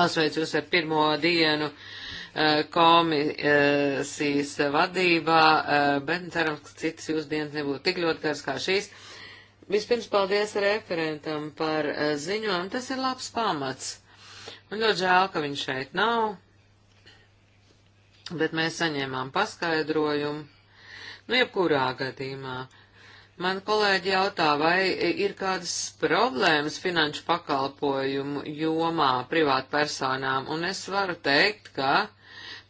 apsveicu jūs ar pirmo dienu eh, komisijas vadībā, eh, bet cerams, ka citas jūsu dienas nebūtu tik ļoti garas kā šīs. Vispirms paldies referentam par eh, ziņojumu, tas ir labs pamats. Un ļoti žēl, ka viņš šeit nav bet mēs saņēmām paskaidrojumu. Nu, jebkurā gadījumā. Man kolēģi jautā, vai ir kādas problēmas finanšu pakalpojumu jomā privātpersonām, un es varu teikt, ka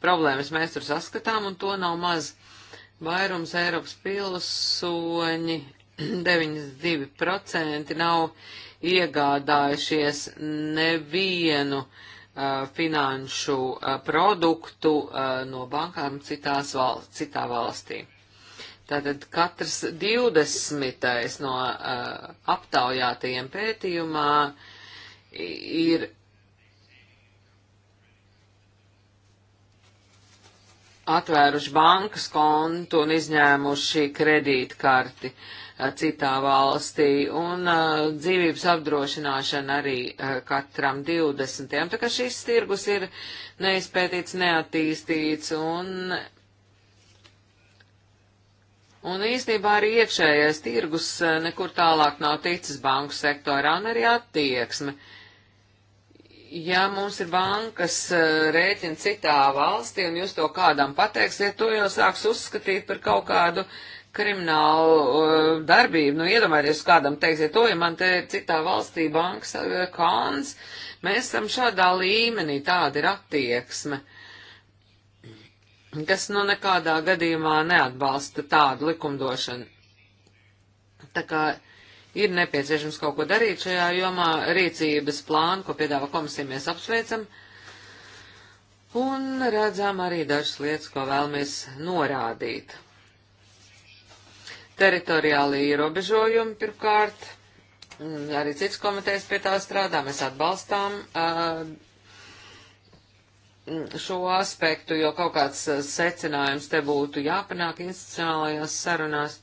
problēmas mēs tur saskatām, un to nav maz. Vairums Eiropas pilsoņi, 92% *clears throat* nav iegādājušies nevienu uh, finanšu produktu no bankām citās val, citā valstī. Tātad katrs 20. no aptaujātajiem pētījumā ir atvēruši bankas kontu un izņēmuši kredītkarti. Uh, citā valstī, un uh, dzīvības apdrošināšana arī uh, katram 20. Tā kā šis tirgus ir neizpētīts, neattīstīts, un, un īstenībā arī iekšējais tirgus uh, nekur tālāk nav ticis banku sektorā, un arī attieksme. Ja mums ir bankas rēķina citā valstī, un jūs to kādam pateiksiet, to jau sāks uzskatīt par kaut kādu uh, kriminālu uh, darbību. Nu, iedomājieties, kādam teiksiet, to, ja man te ir citā valstī bankas uh, kāns, mēs esam šādā līmenī, tāda ir attieksme, kas nu nekādā gadījumā neatbalsta tādu likumdošanu. Tā kā ir nepieciešams kaut ko darīt šajā jomā, rīcības plānu, ko piedāvā komisija, mēs apsveicam. Un redzam arī dažas lietas, ko vēlamies norādīt. Teritoriāli ierobežojumi pirmkārt, arī cits komitejas pie tā strādā, mēs atbalstām uh, šo aspektu, jo kaut kāds secinājums te būtu jāpanāk institucionālajās sarunās.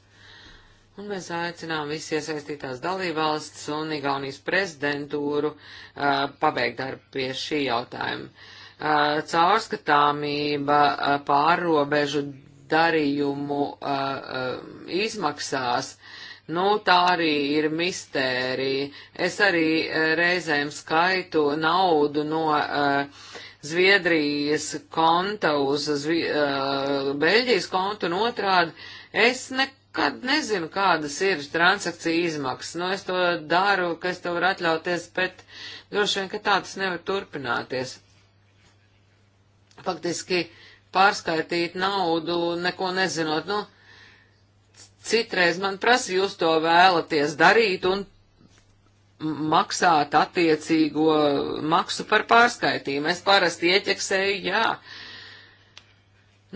Un mēs aicinām visi iesaistītās dalībvalsts un Igaunijas prezidentūru uh, pabeigt darbu pie šī jautājuma. Uh, caurskatāmība pārrobežu darījumu uh, uh, izmaksās. Nu, tā arī ir mistērija. Es arī uh, reizēm skaitu naudu no uh, Zviedrijas konta uz Zvi uh, Beļģijas kontu un otrādi. Es nekad nezinu, kādas ir transakcija izmaksas. Nu, es to daru, ka es to varu atļauties, bet droši vien, ka tā tas nevar turpināties. Faktiski. Uh, pārskaitīt naudu, neko nezinot. Nu, citreiz man prasa, jūs to vēlaties darīt un maksāt attiecīgo maksu par pārskaitījumu. Es parasti ieķeksēju, jā.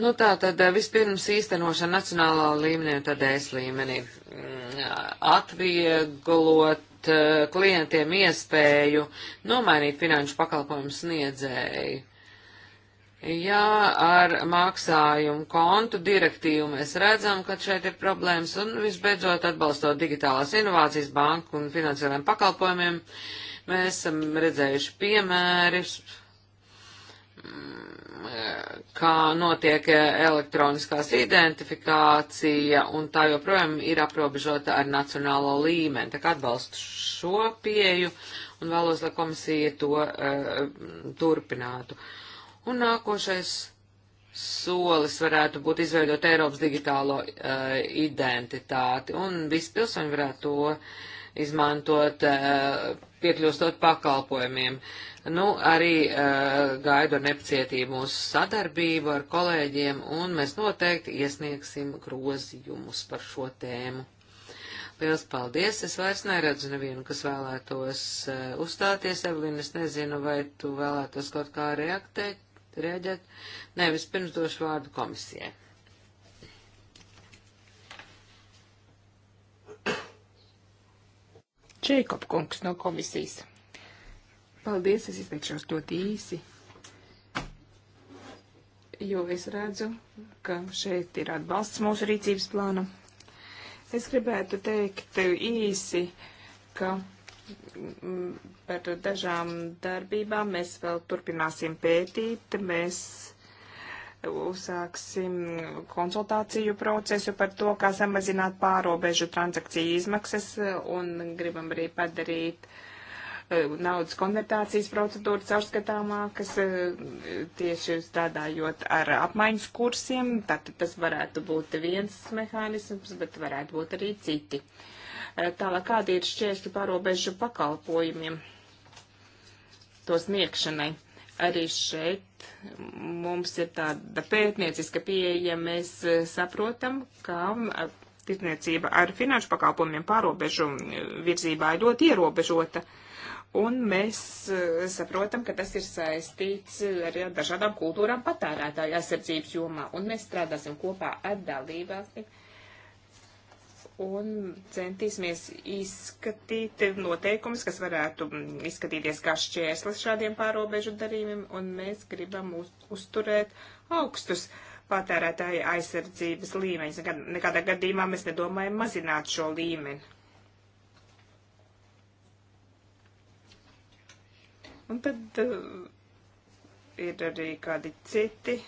Nu tā tad eh, vispirms īstenošana nacionālā līmenī un tad es līmenī. Mm, atvieglot eh, klientiem iespēju nomainīt finanšu pakalpojumu sniedzēju Jā, ar maksājumu kontu direktīvu mēs redzam, ka šeit ir problēmas, un visbeidzot atbalstot digitālās inovācijas banku un finansiāliem pakalpojumiem, mēs esam redzējuši piemērus, mm, kā notiek elektroniskās identifikācija, un tā joprojām ir aprobežota ar nacionālo līmeni. Tā kā atbalstu šo pieju un vēlos, lai komisija to uh, turpinātu. Uh, Un nākošais solis varētu būt izveidot Eiropas digitālo uh, identitāti, un visi pilsoņi varētu to izmantot, uh, piekļūstot pakalpojumiem. Nu, arī uh, gaidu ar nepacietību mūsu sadarbību ar kolēģiem, un mēs noteikti iesniegsim grozījumus par šo tēmu. Liels paldies! Es vairs neredzu nevienu, kas vēlētos uh, uzstāties. Evelīna, es nezinu, vai tu vēlētos kaut kā reaktēt rēģēt. Nē, vispirms došu vārdu komisijai. Čeikop kungs no komisijas. Paldies, es izteikšos ļoti īsi, jo es redzu, ka šeit ir atbalsts mūsu rīcības plānam. Es gribētu teikt īsi, ka par dažām darbībām mēs vēl turpināsim pētīt. Mēs uzsāksim konsultāciju procesu par to, kā samazināt pārobežu transakciju izmaksas un gribam arī padarīt e, naudas konvertācijas procedūras caurskatāmākas e, tieši strādājot ar apmaiņas kursiem. Tātad tas varētu būt viens mehānisms, bet varētu būt arī citi. Uh, Eh, tālāk, kādi ir šķēršļi pārobežu pakalpojumiem, to sniegšanai? Arī šeit mums ir tāda pētnieciska pieeja, mēs eh, saprotam, kā eh, tirniecība ar finanšu pakalpojumiem pārobežu virzībā ir ļoti ierobežota. Un mēs saprotam, ka tas ir saistīts arī ar dažādām kultūrām patērētāju aizsardzības jomā. Un mēs strādāsim kopā ar dalībvalstīm un centīsimies izskatīt noteikumus, kas varētu mm, izskatīties kā šķērslis šādiem pārobežu darījumiem, un mēs gribam uz, uzturēt augstus patērētāju aizsardzības līmeņus. Nekādā gadījumā mēs nedomājam mazināt šo līmeni. Un tad uh, ir arī kādi citi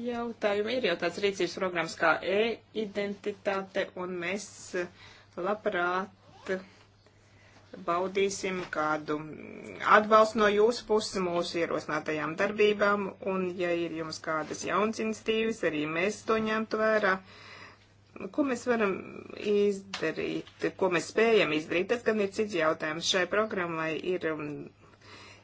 jautājumu. Ir jau tāds rīcības programmas kā e-identitāte, un mēs eh, labprāt baudīsim kādu atbalstu no jūsu puses mūsu ierosinātajām darbībām, un ja ir jums kādas jauns institīvas, arī mēs to ņemtu vērā. Ko mēs varam izdarīt, ko mēs spējam izdarīt, tas gan ir cits jautājums. Šai programmai ir um,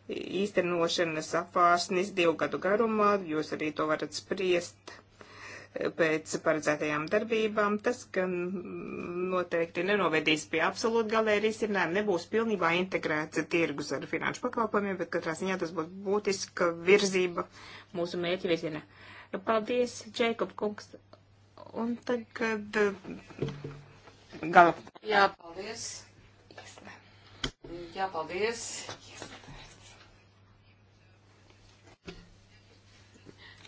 īstenošanas apvārsnis divu gadu garumā, jūs arī to varat spriest eh, pēc paredzētajām darbībām. Tas, ka noteikti nenovedīs pie absolūta galēja risinājuma, nebūs pilnībā integrēts tirgus ar finanšu pakalpojumiem, bet katrā ziņā tas būs būtiska virzība mūsu mērķi virzienā. Paldies, Džeikob kungs. Un tagad eh, gala. Jā, paldies. Jā, paldies. Yes.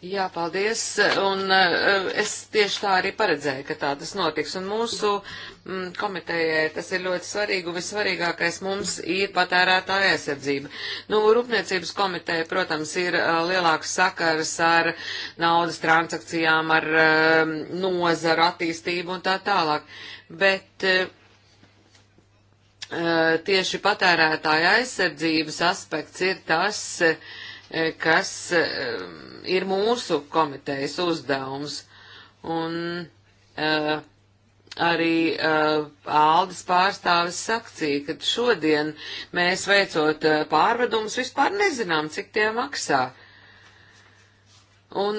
Jā, paldies. Un eh, es tieši tā arī paredzēju, ka tā tas notiks. Un mūsu mm, komitejai tas ir ļoti svarīgi, un vissvarīgākais mums ir patērētāja aizsardzība. Nu, Rūpniecības komiteja, protams, ir eh, lielāks sakars ar naudas transakcijām, ar mm, nozaru attīstību un tā tālāk. Bet tieši patērētāja aizsardzības aspekts ir tas, uh, E, kas e, ir mūsu komitejas uzdevums. Un e, arī uh, Aldis pārstāvis sakcija, ka šodien mēs veicot uh, pārvedumus vispār nezinām, cik tie maksā. Un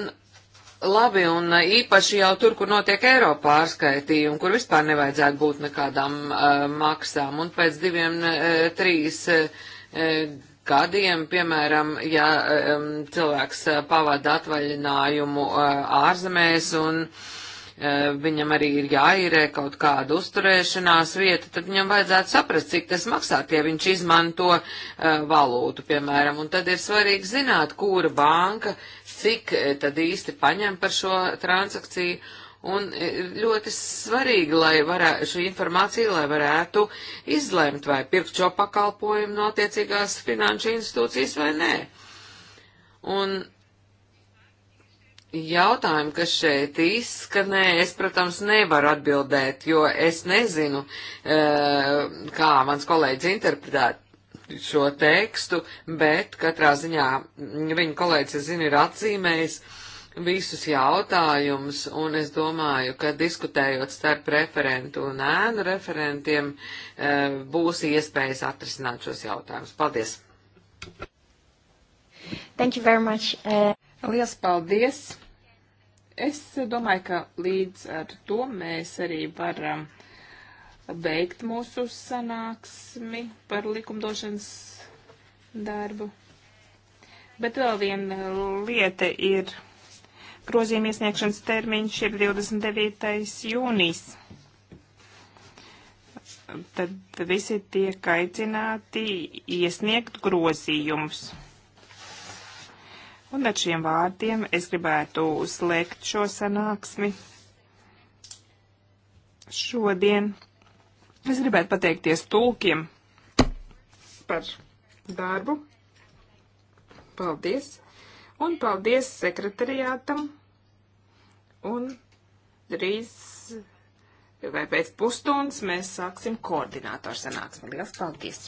labi, un uh, īpaši jau tur, kur notiek eiro pārskaitījumi, kur vispār nevajadzētu būt nekādām uh, maksām, un pēc diviem, uh, trīs uh, gadiem, piemēram, ja um, cilvēks eh, pavada atvaļinājumu uh, ārzemēs un eh, viņam arī ir jāīrē kaut kāda uzturēšanās vieta, tad viņam vajadzētu saprast, cik tas maksā, ja viņš izmanto uh, valūtu, piemēram. Un tad ir svarīgi zināt, kura banka, cik tad īsti paņem par šo transakciju Un e, ļoti svarīgi, lai varētu šī informācija, lai varētu izlemt, vai pirkt šo pakalpojumu no attiecīgās finanšu institūcijas vai nē. Un jautājumi, kas šeit izskanē, es, protams, nevaru atbildēt, jo es nezinu, e, kā mans kolēģis interpretēt šo tekstu, bet katrā ziņā viņa kolēģis, es zinu, ir atzīmējis, uh, visus jautājumus, un es domāju, ka diskutējot starp referentu un ēnu referentiem, eh, būs iespējas atrisināt šos jautājumus. Paldies! Thank you very much. Uh... Eh. Lielas paldies! Es domāju, ka līdz ar to mēs arī varam beigt mūsu sanāksmi par likumdošanas darbu. Bet vēl viena lieta ir. Grozījuma iesniegšanas termiņš ir 29. jūnijas. Tad visi tiek aicināti iesniegt grozījumus. Un ar šiem vārdiem es gribētu slēgt šo sanāksmi šodien. Es gribētu pateikties tulkiem par darbu. Paldies! Un paldies sekretariātam Un drīz vai pēc pusstundas mēs sāksim koordinātoru sanāksmi. Lielas paldies!